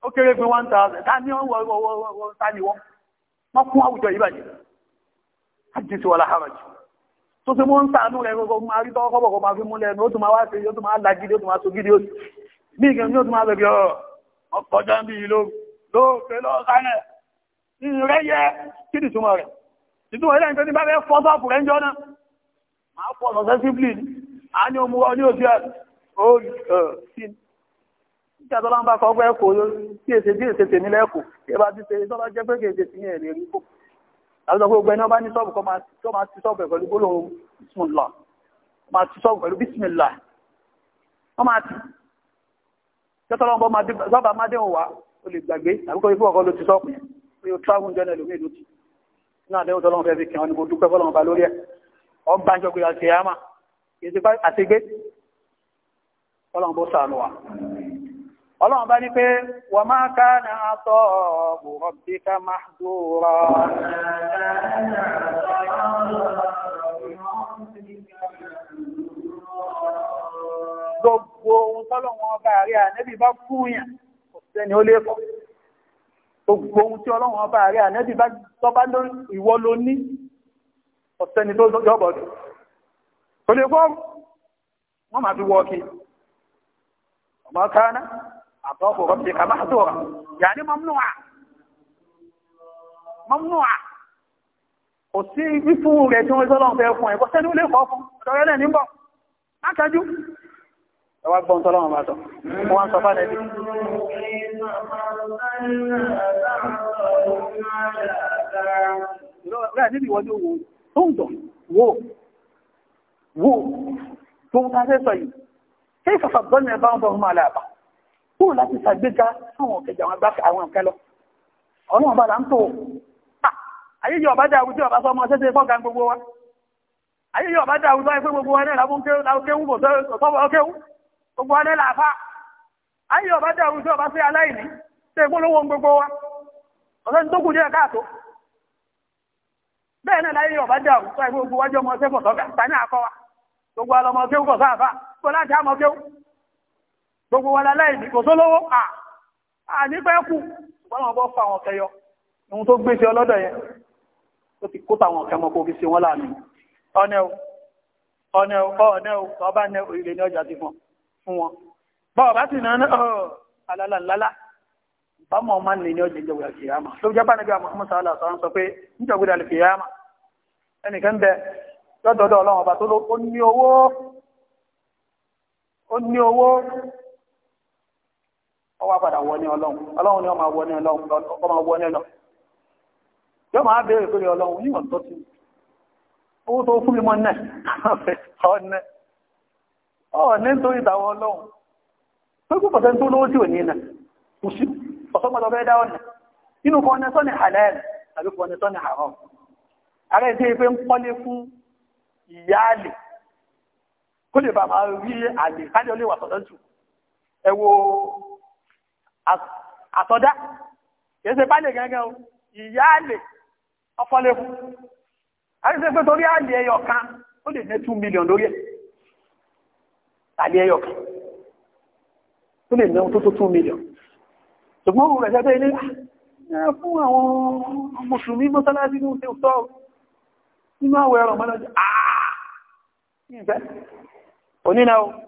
ó kéré pé one thousand ta ni wọ́n wọ́n ta ni wọ́n wọ́n kún àwùjọ yìí bàjẹ́ àjẹsí wàlá harajì tó ṣe mú ń sàánú rẹ̀ gbogbo máa rí tọ́wọ́ kọ́bọ̀ kọ́ máa fi múlẹ̀ ẹnu ó tún máa wá sí yóò tún máa lagídí ó tún máa sogídí ó ní ìgbẹ̀mí ó tún máa bẹ̀bẹ̀ ọ̀rọ̀ ọkọjọ́ ń bí i lóòkè lọ́ọ̀kánẹ̀ ìrẹ́yẹ kí ni túmọ̀ rẹ̀ ìtumọ̀ ilẹ̀ ìtọ́ ní bá bẹ́ fọ́ sọ́ọ̀pù rẹ̀ ń jọ́nà máa pọ̀ sọ́sẹ́síblì ní àánú ọmọ ní òsì tí àtọ́lá ń bá kọ́ pẹ́ kò tí èsè tí èsè tèmi lẹ́kù tí ẹ bá ti ṣe tọ́lá jẹ́ pé kèsè tí yẹn lè rí kò àti sọ pé gbẹ́ni ọba ní sọ́ọ̀bù kọ́ máa ti sọ́ọ̀bù pẹ̀lú gbólóhùn bísímìlà máa ti sọ́ọ̀bù pẹ̀lú bísímìlà wọ́n máa ti tẹ́tọ́lá o lè gbàgbé tàbí kọ́ o travel jẹ́ ẹlòmí ìlú ti náà dẹ́hùn tọ́lọ́run fẹ́ fi kẹ́ wọn ni mo dúpẹ́ fọ́lọ́run ba lórí ẹ̀ ọgbà ń jọ pé àti ẹ̀ á mà kì í ti fẹ́ àti gbé bó sàánù wa ọlọ́run bá ní pé wà máa ká ní àtọ́ ọ̀bùrọ̀ bí ká máa dúró gbogbo ohun tọ́lọ́wọ́n ọba àrí ànẹ́bì bá kúrùyàn kò sẹ́ni ó lékọ́ gbogbo ohun tí ọlọ́wọ́n ọba àrí ànẹ́bì bá tọ́bá lórí ìwọ ló ní ọ̀sẹ́ni tó jọ́bọ̀dù kò lè fọ́ wọ́n máa fi wọ́ kí ọmọ káná عطاف ربك محظورا يعني ممنوع ممنوع kò sí fífún rẹ̀ tí wọ́n tọ́lọ́run fẹ́ fún ẹ̀ bọ́ sẹ́ni ó lè kọ́ fún ọ̀rẹ́ rẹ̀ níbọ̀ látàjú ẹwà gbọ́n tọ́lọ́run bá sọ wọ́n sọ fà lẹ́bí rẹ̀ níbi ìwọ́n ní owó tó ń dọ̀ wó wó tó ń tàṣẹ́ sọ yìí kúrò láti ṣàgbéga fáwọn òkèjà àwọn agbáka àwọn nǹkan lọ ọlọ́run bá là ń tò ayéyé ọba dáwù tí ọba sọmọ ṣẹ́ṣe fọ́gà gbogbo wa ayéyé ọba dáwù tó ẹgbẹ́ gbogbo wa náà lábún kéwù bò sọ́wọ́ kéwù gbogbo wa náà làáfà ayéyé ọba dáwù tí ọba sí aláìní tó ẹgbẹ́ olówó gbogbo wa ọ̀sẹ̀ tó kù díẹ̀ káàtó bẹ́ẹ̀ náà láyéyé ọba dáwù tó ẹgbẹ́ gbogbo wájú ọmọ ṣẹ́fọ̀ sọ́gà tani àkọwa gbogbo alọmọ kéwù kọ̀ sáàfà gbogbo láti àmọ kéwù gbogbo wa láláì ní kò sólówó à nífẹ́ kú ṣùgbọ́n wọn bọ́ fa àwọn kẹyọ ohun tó gbé sí ọlọ́dọ̀ yẹn ó ti kó tàwọn kẹmọ kò fi sí wọn láàmì ọ̀nẹ́ o ọ̀nẹ́ o ọ̀nẹ́ o ọba ní orílẹ̀ ní ọjà ti fún wọn bọ́ọ̀ bá sì náà alálàlálá bá mọ̀ máa ní ní ọjà ìjọba kìyàmà ló jẹ́ pàdé àwọn ọmọ sàálà sọ sọ pé níjọba kìyàmà ẹnìkan bẹ lọ́dọọdọ ọlọ́run ọba tó ní ó ní owó ọwọ́ padà wọ ní ọlọ́run ọlọ́run ni ọ máa wọ ní ọlọ́run ọ máa wọ pé ọlọ́run níwọ̀n tó ti owó tó fún mi mọ́ náà ọ̀nà ọ̀nà nítorí ìtàwọn ọlọ́run pé púpọ̀ tẹ́ tó lówó tí pé ń pọ́lé fún àtọ́dá kìí ṣe bálẹ̀ gẹ́gẹ́ o ìyá àlè ọfọlẹ́kù àti ṣe pé torí àlè ẹyọ kan ó lè ní 2 million lórí ẹ̀ àlè ẹyọ kan ó lè ní tó tó 2 million ṣùgbọ́n òun rẹ̀ sẹ́gbẹ́ ilé ah, fún àwọn mùsùlùmí mọ́sálásí ní oṣù tọ́ nínú àwẹ̀ ẹ̀rọ mọ́lọ́jọ́ àà ní ìfẹ́ onínà o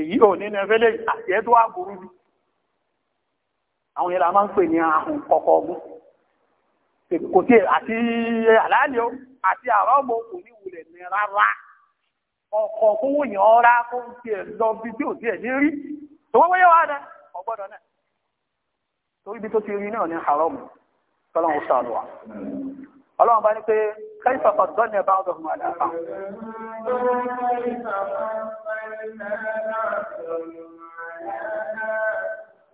èyí ò nínú ẹfẹ́lẹ́ àṣẹ tó àbúrú ni àwọn yẹn la máa ń pè ní ahùn kọ̀kọ̀ ọgbọ́n kò tí àti àlàálẹ̀ o àti àrọ́mọ kò ní wulẹ̀ ní rárá ọkọ̀ kówó yàn ọ́ rá kó ń tiẹ̀ lọ bí tí ò tiẹ̀ ní rí tòwọ́ wọ́yẹ́ wá dá ọgbọ́dọ̀ náà torí ibi tó ti rí náà ní àrọ́mọ tọ́lọ́hún sàlù wa ọlọ́run bá ní pé kẹ́sìtọ̀kọ̀ dọ́ni ẹ̀ bá ọ̀dọ̀ fún àdáfà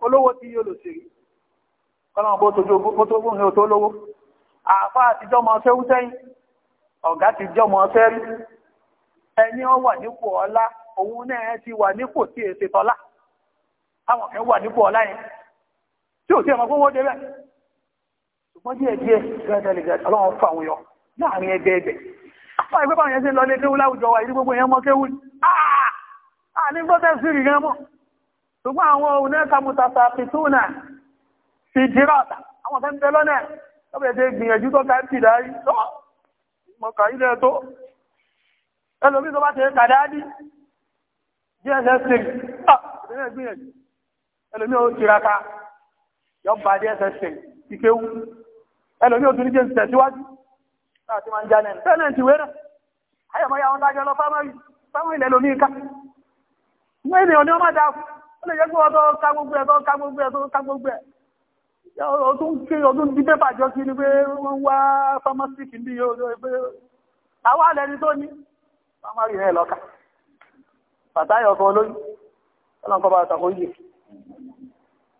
olówó tí yóò lò ṣèrí kọ́nà bó tó gún ní òtó lówó àfá àtijọ́ mọ́ ṣe ń sẹ́yìn ọ̀gá ti jọ́ mọ́ ṣe rí ẹni ọ wà nípò ọlá òun náà ti wà nípò tí èsè tọ́lá àwọn kan wà nípò ọlá yẹn tí ò sí ẹmọ fún wọ́n débẹ̀ ṣùgbọ́n díẹ̀ díẹ̀ gẹ́gẹ́lẹ́gẹ́ ọlọ́run fún àwọn yọ láàrin ẹgbẹ́ ẹgbẹ́ àwọn ẹgbẹ́ báwọn yẹn ṣe lọ lé kéwú láwùjọ wa ìdí gbogbo yẹn mọ́ kéwú ni áà a ní gbọ́tẹ̀ sí rí rẹ mọ́ ṣùgbọ́n àwọn onẹ́ka mutata pituna fi jírọ̀ta àwọn fẹ́ ń bẹ lọ́nà lọ́bẹ̀ẹ́dẹ́ gbìyànjú tó ká ti dárí lọ́wọ́ mọ̀kà ilẹ̀ tó ẹlòmí tó bá ti kàdáàdì dss ah, gbìyànjú ẹlòmí ó tiraka yọba dss ìkéwú ẹlòmí ó tún ní jẹ́ tẹ̀síwájú láti máa ń jalẹ̀ tẹ́lẹ̀ ti wẹ́rẹ̀ ayọ̀mọ́ mú ènìyàn ní ọmọ dáa ó lè jẹ́ pé ká gbogbo ẹ̀ ká gbogbo ẹ̀ ká gbogbo ẹ̀ ọdún ké ọdún di pépà jọ kí ni pé wọ́n wá pharmacy kì í bí yóò pé àwọn tó ní pharmacy rẹ̀ lọ́ka bàtáyọ̀ ọkọ̀ olóyún ọlọ́nkọ́ bá ọ̀tàkó yìí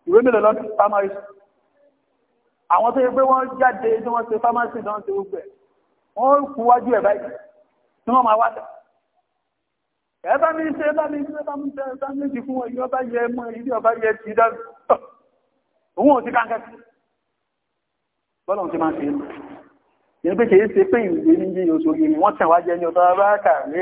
ìwé mélòó lọ́dí pharmacy àwọn tó yẹ pé wọ́n jáde tí wọ́n ṣe pharmacy náà ṣe gbogbo ẹ̀ wọ́n kú wájú ẹ̀ báyìí tí wọ́n máa wá tẹ̀ ẹ mi ṣe bá mi ṣe bá mi ṣe bá méjì fún wọn ìyọba yẹ mọ ilé ọba yẹ ti dá òun ò ti káńkẹ́ sí bọ́lọ̀ ti máa ṣe ní pé kìí ṣe pé ìwé níbi òṣòrí ni wọ́n tẹ̀wá jẹ́ ní ọba bá kàrí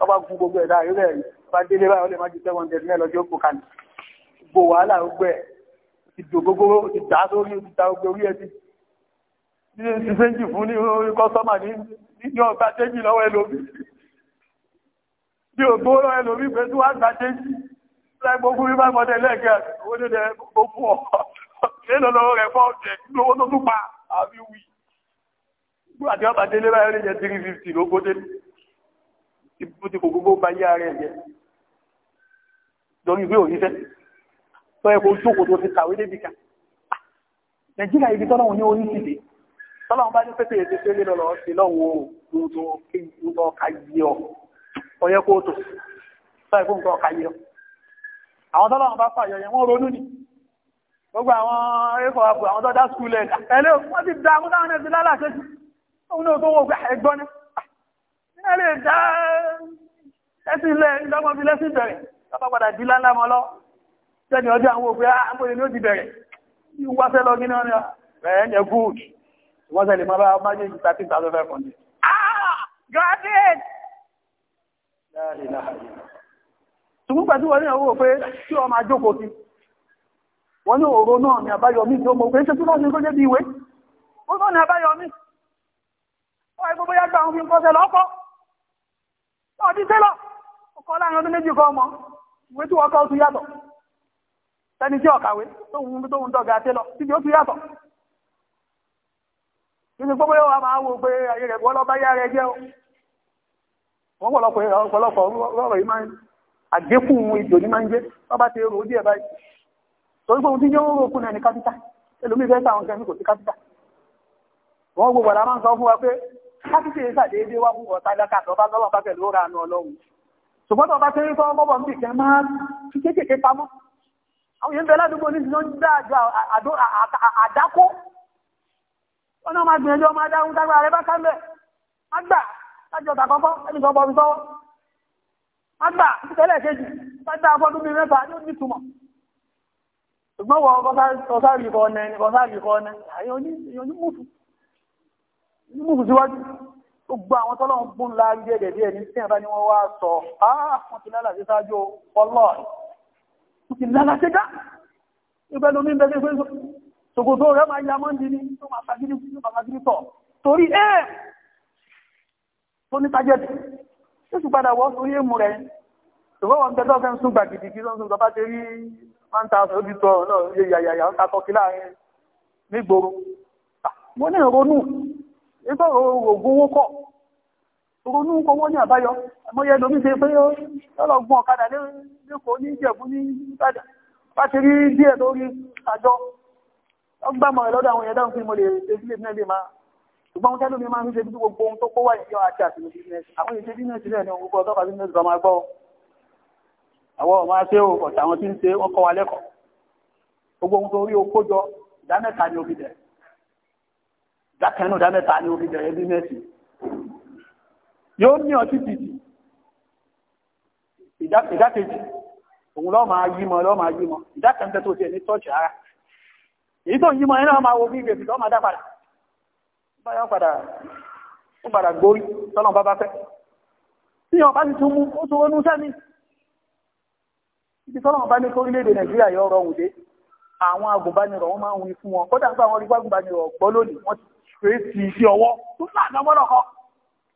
ọba gun gbogbo ẹ̀dá rẹ̀ ọba délé báyọ̀ lè mẹ́lọ́jọ́ kò kalẹ̀ gbogbo wàhálà gbogbo ti dò gbogbo ti dà sórí ti ta gbogbo orí ẹtì ní ti sẹ́ńjì fún ní orí kọ́sọ́mà ní ní ọgbà sẹ́ńjì lọ́wọ́ ẹlòmí bí ògbó lọ́wọ́ ẹlòmí pé tí wọ́n gbà sẹ́ńjì láì gbogbo rí báyìí mọ́tẹ́ lẹ́ẹ̀kẹ́ owó ní ẹ̀ gbogbo ọ̀ lélo tó ẹkùn jókòó tó ti kàwé débi kan nàìjíríà ibi tọ́lọ́wọ́ ní orí ìdè tọ́lọ́wọ́ bá ní pépè ètò ìṣẹ́lẹ̀ lọ́lọ́ sí lọ́wọ́ lóòótọ́ káyé ọ ọyẹ kó tó tó ẹkùn tó káyé ọ àwọn tọ́lọ́wọ́ bá fàyọ yẹn wọ́n ronú ni gbogbo àwọn ẹ̀kọ́ àpò àwọn tọ́dá skul ẹ̀ ẹ̀lẹ́ wọ́n ti da àwọn táwọn ẹ̀sìn lálàṣẹ sí òun náà tó wọ́n gbà ẹ̀gbọ́n ní ẹ̀lẹ́ dá ẹ̀sìn lẹ̀ ìdọ́gbọ́n fi lẹ́sìn bẹ̀rẹ̀ lọ́pàá padà di lálàmọ́ lọ́wọ́ tẹ́ni ọjọ́ àwọn òpin àmúrin ní ó ti bẹ̀rẹ̀ tí ó wáṣẹ́ lọ gínà rẹ̀ ẹ̀yẹ good wọ́n tẹ́lẹ̀ máa bá májé jù 13,500 ah graduate ṣùgbọ́n pẹ̀sí wọ́n ní ọwọ́ pé tí ọ máa jókòó sí wọ́n ní ọ̀rọ̀ náà ni àbáyọmí tí ó mọ̀ pé ṣe tí láti gọ́jẹ́ bí ìwé ó náà ni àbáyọmí ó wáyé gbogbo yàgbà òun fi ń kọ́sẹ̀ lọ́kọ́ ọdí tẹ́lọ̀ ọkọ̀ láàrin ọdún méjì kọ́ ọmọ ìwé tí wọ́n kọ́ tún yàtọ̀ tẹni tí ọ̀kàwé tóhun tóhun tọ́gà tẹ́ lọ tí ó fi yàtọ̀ nínú gbogbo yóò wá máa wo pé ayé rẹ̀ wọ́n lọ bá yára ẹjẹ́ o wọ́n pọ̀lọpọ̀ ọ̀pọ̀lọpọ̀ rọ̀rọ̀ yìí máa ń àgékù ìjò ní máa ń jẹ́ wọ́n bá ti rò díẹ̀ báyìí torí pé ohun tí yóò rò kún ẹni kápítà ẹlòmí fẹ́ sáwọn kẹmí kò sí kápítà wọ́n gbogbo ọ̀la máa ń sọ fún wa pé kápítà yìí sàdéédé wá fún ọ̀tá ìdáka àtọ́bá lọ́wọ́ pàtẹ́ lóra àánú ọlọ́run ṣùgbọ́n tó bá ti rí sọ́wọ́ bọ́bọ̀ ń bì kẹ́ máa fi kéékèèké pamọ́ àwọn yẹn bẹ̀rẹ̀ àdúgbò ní ti lọ dáadọ́ àdákó wọ́n náà máa gbìyànjú ọmọ adáhùn tágbà rẹ bá kámbẹ̀ agbà lájọ tàkọ́kọ́ ẹnìkan bọ̀ sọ́wọ́ agbà tẹ́lẹ̀ kejì pátá afọ́dún bíi mẹ́fà ní ojú túmọ̀ ṣùgbọ́n wọ ọ̀sáàrì kọ́ ọ̀nà ẹni ọ̀sáàrì kọ́ ọ̀nà àyọ onímùfù síwájú gbogbo àwọn tọ́lọ́ ń gbóhùn láàrín díẹ̀ díẹ̀ ní sí ẹ̀bá ni wọ́n wá sọ ó ti lára ṣe dá ìgbẹ́ lómi bẹ́ẹ̀ pé ṣògbòdó rẹ̀ máa ya mọ́ndì ní tó máa fagídí fagídí tọ̀ torí ẹ̀ tó ní tajẹ́dì tó sì padà wọ́ orí èmù rẹ̀ ṣùgbọ́n wọn tẹ́tọ́ fẹ́ ń sún gbàgìdì kí ló ń sún lọ bá ti rí máa ń ta aṣọ ojú tọ náà ṣe yàyàyà ń takọ kí láàrin nígboro mo ní ìrònú ìtọ́rọ̀ ògùn owó ronú owó ní àbáyọ mọ́yẹ́ lómi ṣe pé ó lọ́lọ́gbọ́n ọ̀kadà lẹ́kọ̀ọ́ ní ìjẹ̀bú ní ìbàdàn bá ti rí díẹ̀ lórí àjọ ọgbàmọ̀ rẹ̀ lọ́dọ̀ àwọn èèyàn dáhùn pé mo lè ṣe sílé ní ẹbí máa ṣùgbọ́n tẹ́lú mi máa ń ṣe bí gbogbo ohun tó kó wà yíyọ àti àti àwọn èèyàn bí náà sílẹ̀ ní gbogbo ọlọ́pàá bí náà máa gbọ́ àwọn ọmọ aṣẹ́ ọ̀tà àwọn tí ń ṣe wọ́n kọ́ wa lẹ́kọ̀ọ́ gbogbo ohun tó rí okó jọ ìdámẹ́ta ni omi dẹ̀ dákẹ́nu ìdámẹ́ta ni omi dẹ̀ ẹbí mẹ́sìn yóò ní ọtí títì ìdákejì òun lọ́ọ́ máa yí mọ́ lọ́ọ́ máa yí mọ́ ìdákẹ́ńtẹ́ tó tiẹ̀ ní tọ́ọ̀chì ara èyí tó yí mọ́ ẹ náà máa wo bí ìrètí lọ́ọ́ máa dá padà báyọ̀ padà ó padà gbórí tọ́lọ̀ bá bá fẹ́ tí wọ́n bá ti tún mú ó tún wọnú sẹ́ni ibi tọ́lọ̀ bá ní kórílẹ̀-èdè Nàìjíríà yọ rọrùn àwọn agùnbánirọ̀ wọ́n máa ń wí fún wọn kódà nípa àwọn orígbàgùnbánirọ̀ gbọ́ lónìí wọ́n ti fèé sí ọwọ́ tó láàdánwọ́lọ́kọ́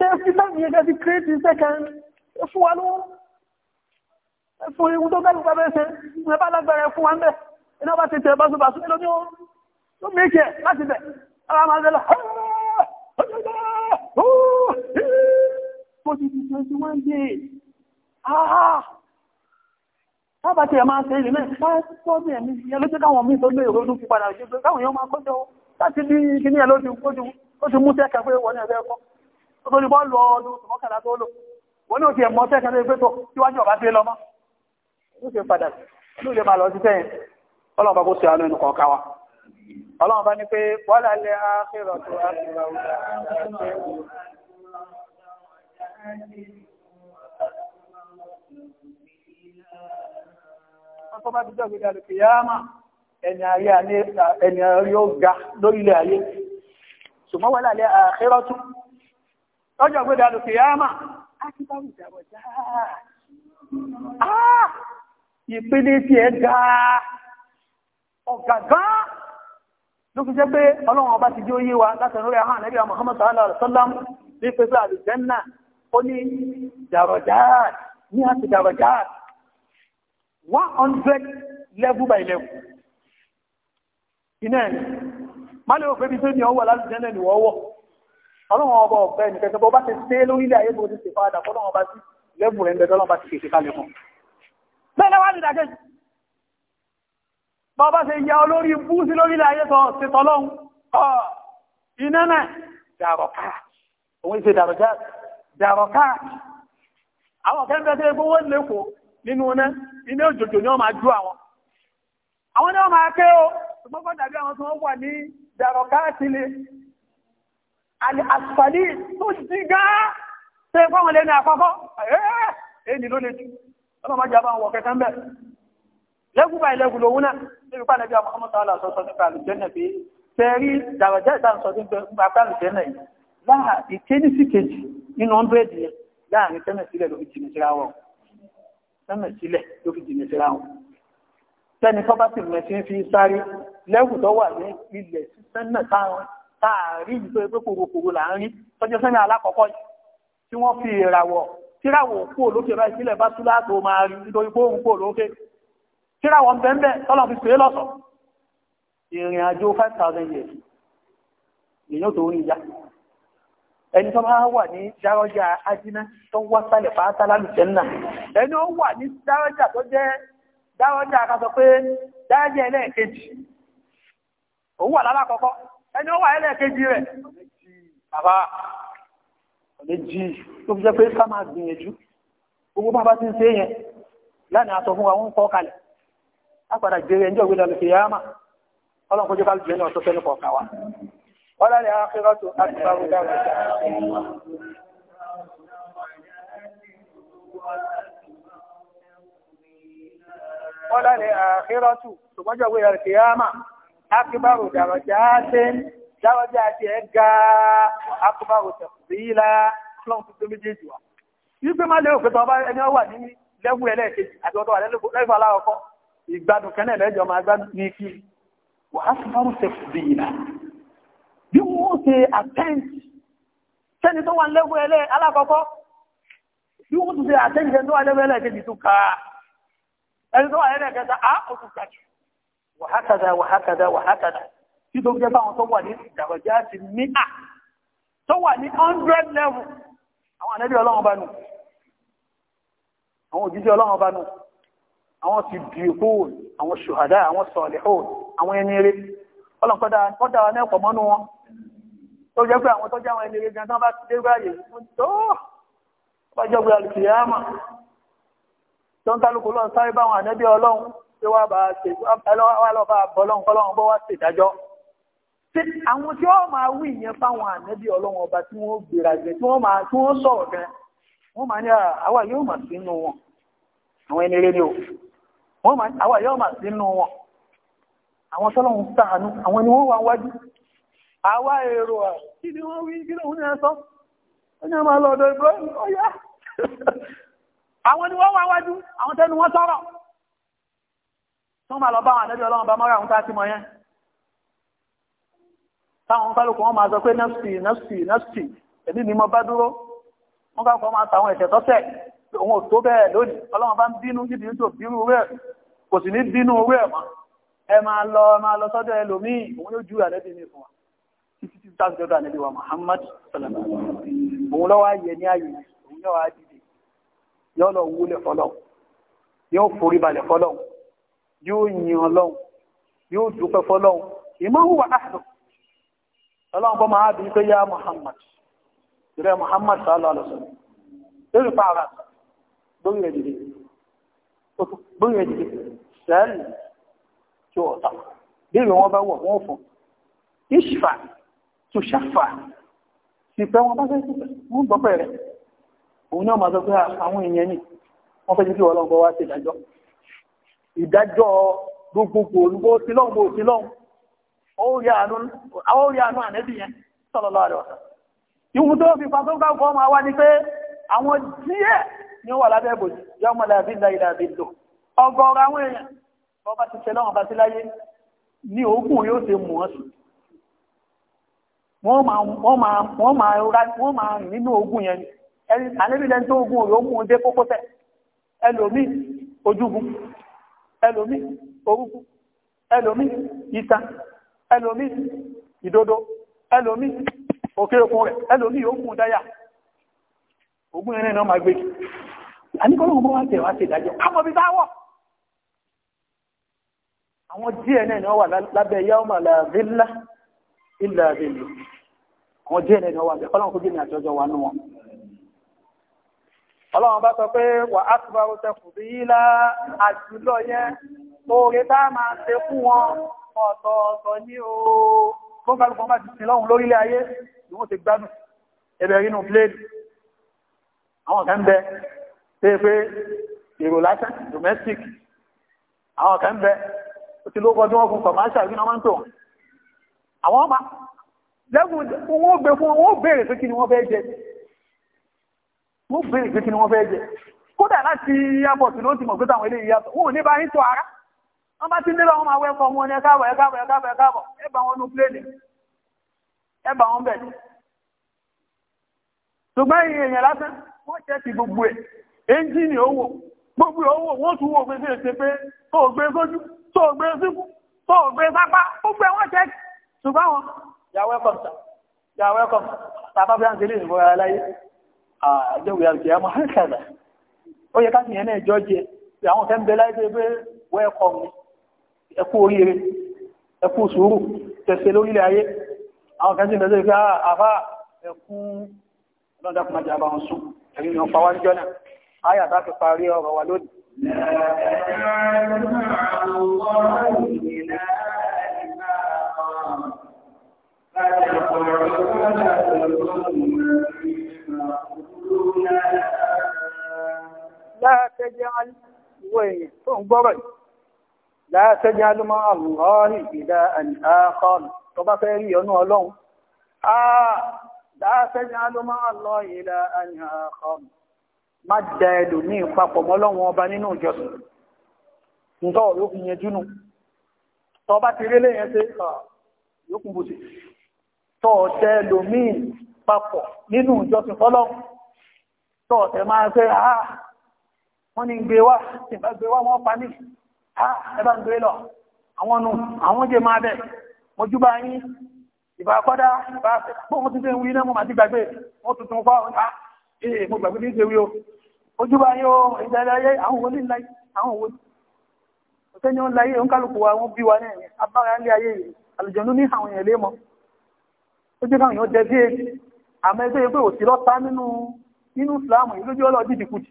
ṣe fi sáàmì yẹn kẹ́sí kírètì sẹ́kẹ̀ẹ́ fún wa ló fún ewu tó bẹ́ẹ̀ gbẹ́bẹ́ ṣe ẹ bá lágbẹ̀rẹ̀ fún wa ń bẹ̀ iná bá ti tẹ̀ bá ṣùgbà ṣùgbà lóní ó ló mẹ́kẹ̀ láti bẹ̀ ara máa bẹ̀ lọ ó ti di twenty one days tábà tí ẹ máa ṣe ìrìnlẹ̀ sáàtọ́bì ẹ̀mí ìyẹn ló jẹ́ káwọn míì tó lé ìrònú fi padà ṣe pé káwọn èèyàn máa kọjọ́ láti bí kíní ẹ̀ ló ti mú sẹ́kẹ̀ pé wọ́n ní ẹ̀fẹ́ ẹ̀kọ́ tó ní bọ́ọ̀lù ọdún mọ́kànlá tó lò wọ́n ní òkè ẹ̀mọ́ tẹ́kẹ́ tó gbé tó síwájú ọ̀bá gbé lọ́mọ́ ó ṣe padà ló lè máa lọ sí sẹ́yìn ọlọ́run bá kó ṣe àánú ẹnu kọ̀ọ̀ká wa ọlọ́run bá ní pé wọ́lá lẹ ákérò tó ákérò ọkọ̀ bá ti jọ́ gbé dàlù kìyàmà ẹni àrí ó ga lórílẹ̀ ayé ṣùgbọ́n wọ́lá lẹ ákérò tún lọ́jọ́ gbé dàdù kìyàmà ákítàwù ìjàbọ̀ jáà áà ìpele tí ẹ ga ọ̀gàgá ló fi jẹ́ pé ọlọ́run ọba ti jí ó yé wa látẹ̀nú rẹ̀ hàn nẹ́bí Muhammad sallallahu alaihi wasallam ní pẹ̀lú àlùjẹ́nà ó ní dàrọ̀jáà ní àti dàrọ̀jáà 100 level by level iná ẹ̀ má lè wọ́n pé bí tó ọwọ́ ọlọ́run ọba ọ̀fẹ́ ní kẹ́kẹ́ bọ́ bá ti ṣe lórílẹ̀ ayé bó ti ṣe padà fọ́lọ́run ọba sí lẹ́bùn rẹ̀ ń bẹ̀rẹ̀ ọlọ́ba ti ṣèṣe kalẹ̀ fún. bẹ́ẹ̀ lẹ́wà ní ìdákejì bọ́ bá ṣe ya olórí bú sí lórílẹ̀ ayé sọ ṣe tọ́lọ́hun ọ iná náà dàrọ̀ká òun ṣe dàrọ̀ká dàrọ̀ká àwọn kẹ́ńtẹ́ tẹ́ gbówó lẹ́kọ̀ọ́ nínú iná iná òjòjò ni wọ́n máa ju àwọn àwọn ni wọ́n máa ké o ṣùgbọ́n àni àṣàlì tó jí gáá tẹ́ fọ́wọ́n lẹ́nu àkọ́kọ́ ẹni ló lè jù ọlọ́mọ jàbá wọ kẹta ń bẹ̀ lẹ́gùn báyìí lẹ́gùn lòun náà níbi pàdé bí ọmọ sọ́lá sọ́sọ́ nípa àlùjẹ́nà pé tẹ́rí dàrọ̀jẹ́ ìdáǹsọ́ ní gbàgbà àlùjẹ́nà yìí láà ìkéní sí kejì nínú ọ́ndúrẹ́dì yẹn láàrin tẹ́mẹ̀ sílẹ̀ ló fi jìnnà síra wọn tẹ́mẹ̀ sílẹ̀ ló fi jìnnà síra wọn tẹ́ni tó bá sì mẹ́sí fi sáré lẹ́gùn tó wà ní ilẹ̀ sísẹ́ táàrí ìgbé pé kòròkòrò là tọ́jọ́ sẹ́mi alákọ̀ọ́kọ́ tí wọ́n fi ìràwọ̀ tíràwọ̀ kú òlókè bá ìsílẹ̀ bá túlá tó máa rí nítorí pé òun kú òlókè tíràwọ̀ ń bẹ́ẹ̀ tọ́lọ̀ fi pèé lọ́sọ̀ ìrìn àjò five years èèyàn tó rí ìjà ẹni tó bá wà ní dárọ́jà ajíná tó wá sálẹ̀ pátá lálùjẹ́ náà ẹni ó wà ní dárọ́jà tó jẹ́ dárọ́jà kan pé dárọ́jà ẹlẹ́ẹ̀kejì òun wà lálákọ̀ọ́kọ́ ẹni ó wà ẹlẹ́ẹ̀kejì rẹ̀ bàbá ọ̀lẹ́jì tó fi jẹ́ pé ká máa gbìyànjú gbogbo bàbá ti ń ṣe yẹn lánàá aṣọ fún wa ń kọ́ kalẹ̀ lápàdà jẹrẹ ẹjọ́ ìwé lọ́lọ́fẹ́ yáàmà ṣùgbọ́n jẹ́ akibaru darajatin dáwọ́jà àti ẹ̀ ga akibaru tẹ̀síìlà lọ́n to tó méjèèjì wa. wípé má lérò pé tọ́ bá ẹni wà ní lẹ́wù ẹlẹ́ẹ̀kejì àti level? wà lẹ́fọ̀ aláwọ̀kọ́ ìgbádùn kẹ́nẹ̀ lẹ́jọ́ máa gbádùn ní kí wà akibaru tẹ̀síìlà. bí wọ́n ṣe àtẹ́ǹtì sẹ́ni tó wà lẹ́wù ẹlẹ́ alákọ̀ọ́kọ́ bí wọ́n ṣe àtẹ́ǹtì tó wà lẹ́wù ẹlẹ́ẹ̀kejì tó ka ẹni tó wà lẹ́wù ẹlẹ́ẹ̀kẹta á ó tún wàhákàdá wàhákàdá wàhákàdá tí tó jẹ́ báwọn tó wà ní ìdàgbàjá ti ní à tó wà ní 100 level àwọn ànẹ́bí ọlọ́run bá nù àwọn òjíṣẹ́ ọlọ́run bá nù àwọn ti bí hóòl àwọn ṣùhàdá àwọn sọ̀lẹ̀ hóòl àwọn ẹni eré ọlọ́nkọ́dá wa náà pọ̀ mọ́nú wọn tó jẹ́ pé àwọn tó jẹ́ àwọn ẹni eré gan tán bá dé báyìí tó bá jọ gbé alùpùpù yàmà tó ń tálùkù lọ́n sáré báwọn ànẹ́bí ọlọ́run pé wá bá ṣe wá lọ bá bọ́lọ́nkọ́lọ́n bọ́ wá ṣèdájọ́ àwọn tí wọ́n máa wí ìyẹn fáwọn ànẹ́bí ọlọ́run ọba tí wọ́n gbéra jẹ tí wọ́n máa tí wọ́n sọ̀rọ̀ gan wọ́n máa ní àwa yóò mà sínú wọn àwọn ẹni rere o wọ́n máa àwa yóò mà sínú wọn àwọn tọ́lọ́run ṣàánú àwọn ni wọ́n wà wájú àwa èrò kí ni wọ́n wí kí lóun ní ẹ sọ ó ní ọmọ ọlọ́dọ̀ ìbúrọ́ ọ̀yá àwọn ni wọ́n wà wájú àwọn tẹ́nu wọn sọ̀rọ̀ wọ́n máa lọ bá àwọn àdẹ́bí ọlọ́run bá mọ́ra àwọn tàbí mọ́ yẹn táwọn kálùkù wọ́n máa sọ pé nẹ́fsì nẹ́fsì nẹ́fsì ẹ̀bí mi mọ́ bá dúró wọ́n kálùkù máa tàwọn ẹ̀tẹ̀ tọ́tẹ̀ òun ò tó bẹ́ẹ̀ lónìí ọlọ́run bá ń bínú níbi tó bínú rẹ̀ kò sì ní bínú rẹ̀ mọ́ ẹ máa lọ ẹ máa lọ sọ́dọ̀ ẹlòmíì òun yóò ju àdẹ́bí mi fún wa títí tí táwọn ìjọba àdẹ́bí wa Muhammad sallallahu alaihi wasallam òun lọ́wọ́ ayẹ ní ayé òun yóò wá dìde yọ́ yóò yin ọlọ́run yóò dúpẹ́ fọlọ́run ìmọ̀hù wà náà ọlọ́run bọ́ máa bí pé yá Muhammad ìrẹ́ Muhammad sálọ alọ́sọ lórí pààrà lórí ẹ̀dìdì lórí ẹ̀dìdì sẹ́ẹ̀lì tí ó ọ̀tà léèrè wọn bá wọ̀ wọ́n fún ìṣfà tó ṣàfà sì pẹ́ wọn bá fẹ́ sípẹ́ wọ́n gbọ́pẹ́ rẹ̀ òun náà máa sọ pé àwọn èèyàn ni wọ́n fẹ́ jẹ́ kí ọlọ́run bọ́ wá sí ìdájọ́ ìdájọ́ gbogbogbò olùgbò sílọ́ọ̀bù sílọ́ọ̀bù ó rí àánú ànẹ́bì yẹn sallallahu alaihi wasallam ìwọ̀n tó fi pàtókà kọ́ ma wá ní pé àwọn díẹ̀ ni ó wà lábẹ́ ìbòjì yọmọlẹ̀ àbílẹ̀ ilẹ̀ àbílò ọgọ́rọ̀ àwọn èèyàn bọ́bá ti tẹ́lọ́wọ̀n bá sí láyé ní òkú yóò ṣe mú ọ́sù wọ́n máa rìn nínú ogun yẹn ẹni àlébìlẹ̀ tó ogun òyòkùn dé kókósẹ̀ ẹlòmí ojúgun ẹlòmí orúkú ẹlòmí ìta ẹlòmí ìdodo ẹlòmí òkè okun rẹ̀ ẹlòmí ogun dáyà ogun irin náà ma gbé àníkọ́lọ́wọ́ bọ́ wá tẹ̀wá sí ìdájọ́ kámọ́ bí sáwọ́ àwọn díẹ̀ náà ni wọ́n wà lábẹ́ yawma la dhilla illa dhilluh àwọn díẹ̀ náà ni wọ́n wà bẹ́ẹ̀ ọlọ́run kó jẹ́ ọlọ́run bá sọ pé wà á ti bárò tẹkù bí ilá àjùlọ yẹn oore tá a máa ṣe fún wọn ọ̀tọ̀ọ̀tọ̀ ní o fún kálukú wọn bá ti sin lọ́hùn lórílẹ̀ ayé ni wọ́n ti gbádùn ẹbẹ̀ rínú pléèdì àwọn kan bẹ pé pé èrò lásán domestic àwọn kan bẹ ó ti lóko tí wọ́n fún commercial rí náà máa ń tò wọn àwọn ọmọ lẹ́gùn owó gbé fún wọn ó béèrè pé kí ni wọ́n fẹ́ jẹ wọ́n bèèrè pé kí ni wọ́n fẹ́ jẹ kódà láti airport ló ti mọ̀ pé táwọn eléyìí yàtọ̀ wọn ò ní bá yín tó ara wọ́n bá ti ń débà wọn máa wẹ́kọ̀ wọn ní ẹ̀káàbọ̀ ẹ̀káàbọ̀ ẹ̀káàbọ̀ ẹ̀káàbọ̀ ẹ bá wọn nu pléènì ẹ bá wọn bẹ̀ ṣùgbọ́n ìyẹn èèyàn lásán wọ́n jẹ́ ti gbogbo ẹ̀ ẹ́ńjìnì owó gbogbo owó wọ́n tún wò pé ṣe pé tó gbé sójú tó gbé síkú tó gbé sápá gbogbo ẹ̀ wọ́n jẹ́ ṣùgbọ́n wọn yà wẹ́kọ̀ tàbá fi à ń ṣe lè nìkan ara láyé àjẹ́wò àti àmọ́ hàkàdà ó yẹ káàkiri ẹ̀nà ìjọ jẹ pé àwọn ọ̀fẹ́ ń bẹ láìpẹ́ pé wẹ́ẹ̀kọ́ mi ẹkú oríire ẹkú sùúrù tẹ̀sẹ̀ lórílẹ̀ ayé àwọn kan sí ìbẹ̀sẹ̀ pé àfá ẹkú lọ́dọ̀kùnmájà àbáwọn sùn ẹ̀rí láàtẹ́jẹ́ àlúwọ̀ èèyàn tó ń gbọ́rọ̀ yìí láàtẹ́jẹ́ alúmọ́ àlùhọ́rì ìdá àkọọ̀lù tó bá fẹ́ rí ọnú ọlọ́run láàtẹ́jẹ́ alúmọ́ àlùhọ́rì ìdá àkọọ̀lù má da ẹlòmíì papọ̀ mọ́lọ́run ọba nínú ìjọsìn ǹtọ́ yóò fi yẹn júnù tọ́ bá ti rí lẹ́yìn ṣe yóò kún bùsì tọ́ da ẹlòmíì papọ̀ nínú ìjọsìn fọ́lọ́run wọ́n ní gbé wá tí bá gbé wá wọ́n pa ní ẹbá ń gbé lọ àwọn nù àwọn jẹ máa bẹ̀ mojú bá yín ìbá kọ́dá ìbá fún títẹ́ ń wí náà mọ́ àti gbàgbé wọ́n tuntun fọ́ ah, ee eh, eh, mo gbàgbé ní ìṣèwí o ojú bá yín o ìdájọ́ ayé àwọn òwò nílá àwọn òwò òtẹ́ni ó ń láyé ó ń kálukú wa wọ́n bí wa náà ní abára ilé ayé àlùjọ̀nú ní àwọn èèyàn lé mọ́ ó jẹ́ káwọn èèyàn jẹ sí èyí àmọ́ ẹgbẹ́ pé òsì lọ́ta nínú nínú ìsìláàmù ìlójú ọlọ́ọ̀dì dìkùjì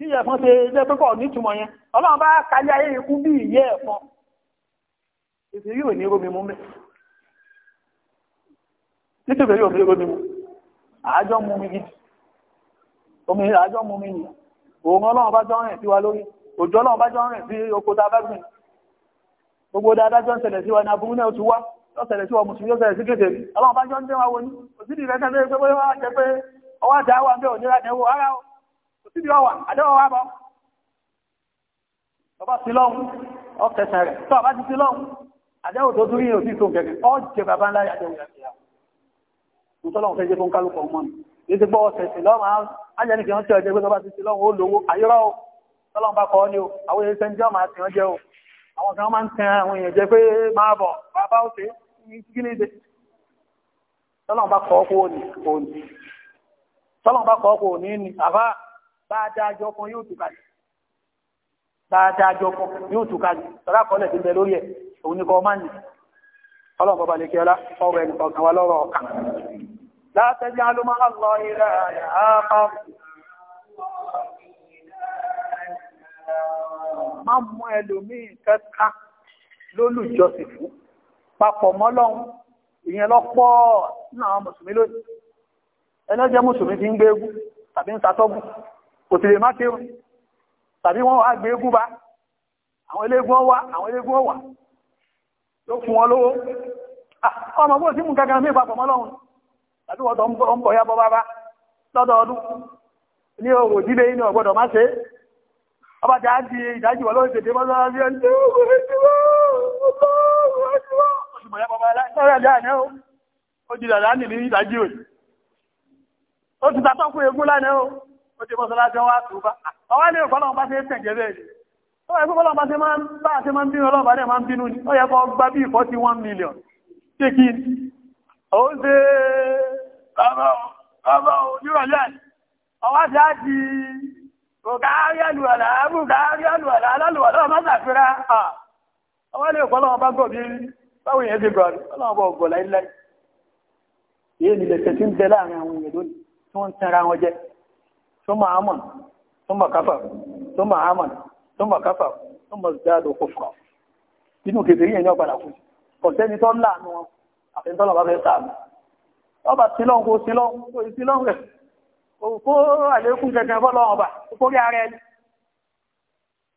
tí ìyẹ̀fọn ṣe jẹ́ pípọ̀ nítumọ̀ yẹn ọlọ́run bá kalẹ̀ ayé ikú bí ìyẹ́ ẹ̀fọn èsì yóò ní rómi mú mẹ́ nítorí yóò fi rómi mú àájọ́ mú mi gidi omi àájọ́ mú mi nì òun ọlọ́run bá jọ rìn sí wa lórí òjò ọlọ́run bá jọ rìn sí oko tá a bá gbìn gbogbo dáadáa jọ ń ṣẹlẹ̀ sí wa ní aburú náà ti wá yóò ṣẹlẹ̀ sí wa mùsùlùmí yóò ṣẹlẹ̀ sí kéde ọlọ́run bá jọ ń dé wa wo ni òsì síbi ọwà àdéhùn wa bọ ọba sí lọ́hùn ọkẹsẹ̀ rẹ̀ tó ọba ti sí lọ́hùn àdéhùn tó dúró yìí ò sí tó kẹ̀kẹ́ ọ jẹ bàbá ńlá yà àdéhùn yàtì yà nítọ́lọ́hùn fẹ́ jẹ́ fún kálukọ̀ mọ́ ni ètò gbọ́ ọ̀sẹ̀ sí lọ́hùn ajẹ́ni kì í tẹ́ ọjẹ́ pé ọba ti sí lọ́hùn ó lówó àyírọ́ o tọ́lọ́hùn bá kọ́ ni o àwọn èèyàn sẹ́ńjẹ́ ọmọ o àwọn kan máa ń tẹ àwọn èèyàn bá a dájọ́ kan yóò tù kalẹ̀ bá a dájọ́ kan yóò tù kalẹ̀ tọ́lá kọ́lẹ̀ ti bẹ lórí ẹ̀ òun ní kọ́ máa ń ọlọ́run bọ́ba lè kí ọlá ọ̀rọ̀ ẹnì kọ̀ọ̀kan wa lọ́rọ̀ ọ̀kan látẹ́jẹ́ alómọ́ àlọ́ ilẹ̀ kò sì lè má ṣe tàbí wọ́n wá gbé egún bá àwọn eléégún wá àwọn eléégún wà ló fún wọn lówó ah, ọmọ bó sí mú kankan mí papọ̀ mọ́lọ́run tàbí wọ́n tó ń bọ̀ yábọ̀ bàbá lọ́dọọdún ní òwò dílé inú ọgbọ́dọ̀ má ṣe ọba jà á di ìdájú wọ́n lórí tètè mọ́lọ́run ọjọ́ ìjọ́ ìjọ́ ìjọ́ ìjọ́ ìjọ́ ó ti mọ́sálásí bá ṣe ń bẹ́ẹ̀ ni ó yẹ bá ṣe máa ń bá ṣe máa ń bínú ọlọ́ọ̀bá dẹ̀ ni ó yẹ kọ́ gbá bí forty one million ṣé kí ni ó ṣe bàbá bàbá onírọ̀lẹ́ ọwá ṣe á di bùkárí àlùwàlà bùkárí àlùwàlà alálùwàlà ọmọ ṣàfihàn ọwá lè fọ́lọ́wọ́n bá gọ̀ bí báwo yẹn ti gọ̀ ọlọ́wọ́n ni lẹ̀kẹ̀ tí ثم عمل ثم كفر ثم عمل ثم كفر ثم ازداد كفرا nínú kèfèrí ni padà kú ọ̀sẹ́ni tó láàánú àfẹ́ntọ́lọ̀ bá fẹ́ sáàmù ọba sílọ́n kó sílọ́n kó sílọ́n rẹ̀ kó àlékún kẹkẹ fọ́lọ́wọ́n bà kó rí ara ẹni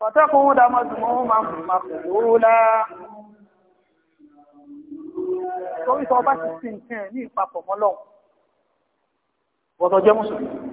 ọ̀tẹ́kùn dámọ́dùmọ́ máa ń máa pẹ̀lú láà torí sọ bá ti sin nǹkan ní ìpapọ̀ mọ́lọ́wọ́ bọ́tọ̀ jẹ́ mùsùlùmí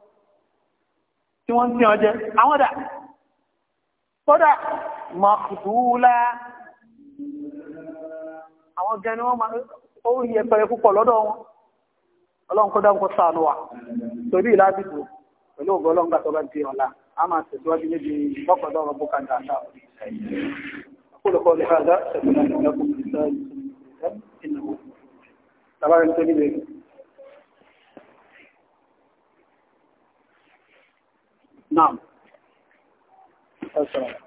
tí wọ́n ń tí ọjẹ́ àwọn dà kódà mọ̀kùtùúlá àwọn gan ni wọ́n máa ó yẹ pẹ̀rẹ̀ púpọ̀ lọ́dọ̀ wọn ọlọ́run kódà wa torí ìlàbìtò pẹ̀lú ògbọ́ ọlọ́run gbàtọ́ ọ̀la a máa tẹ̀síwájú níbi dáadáa na'am assalamu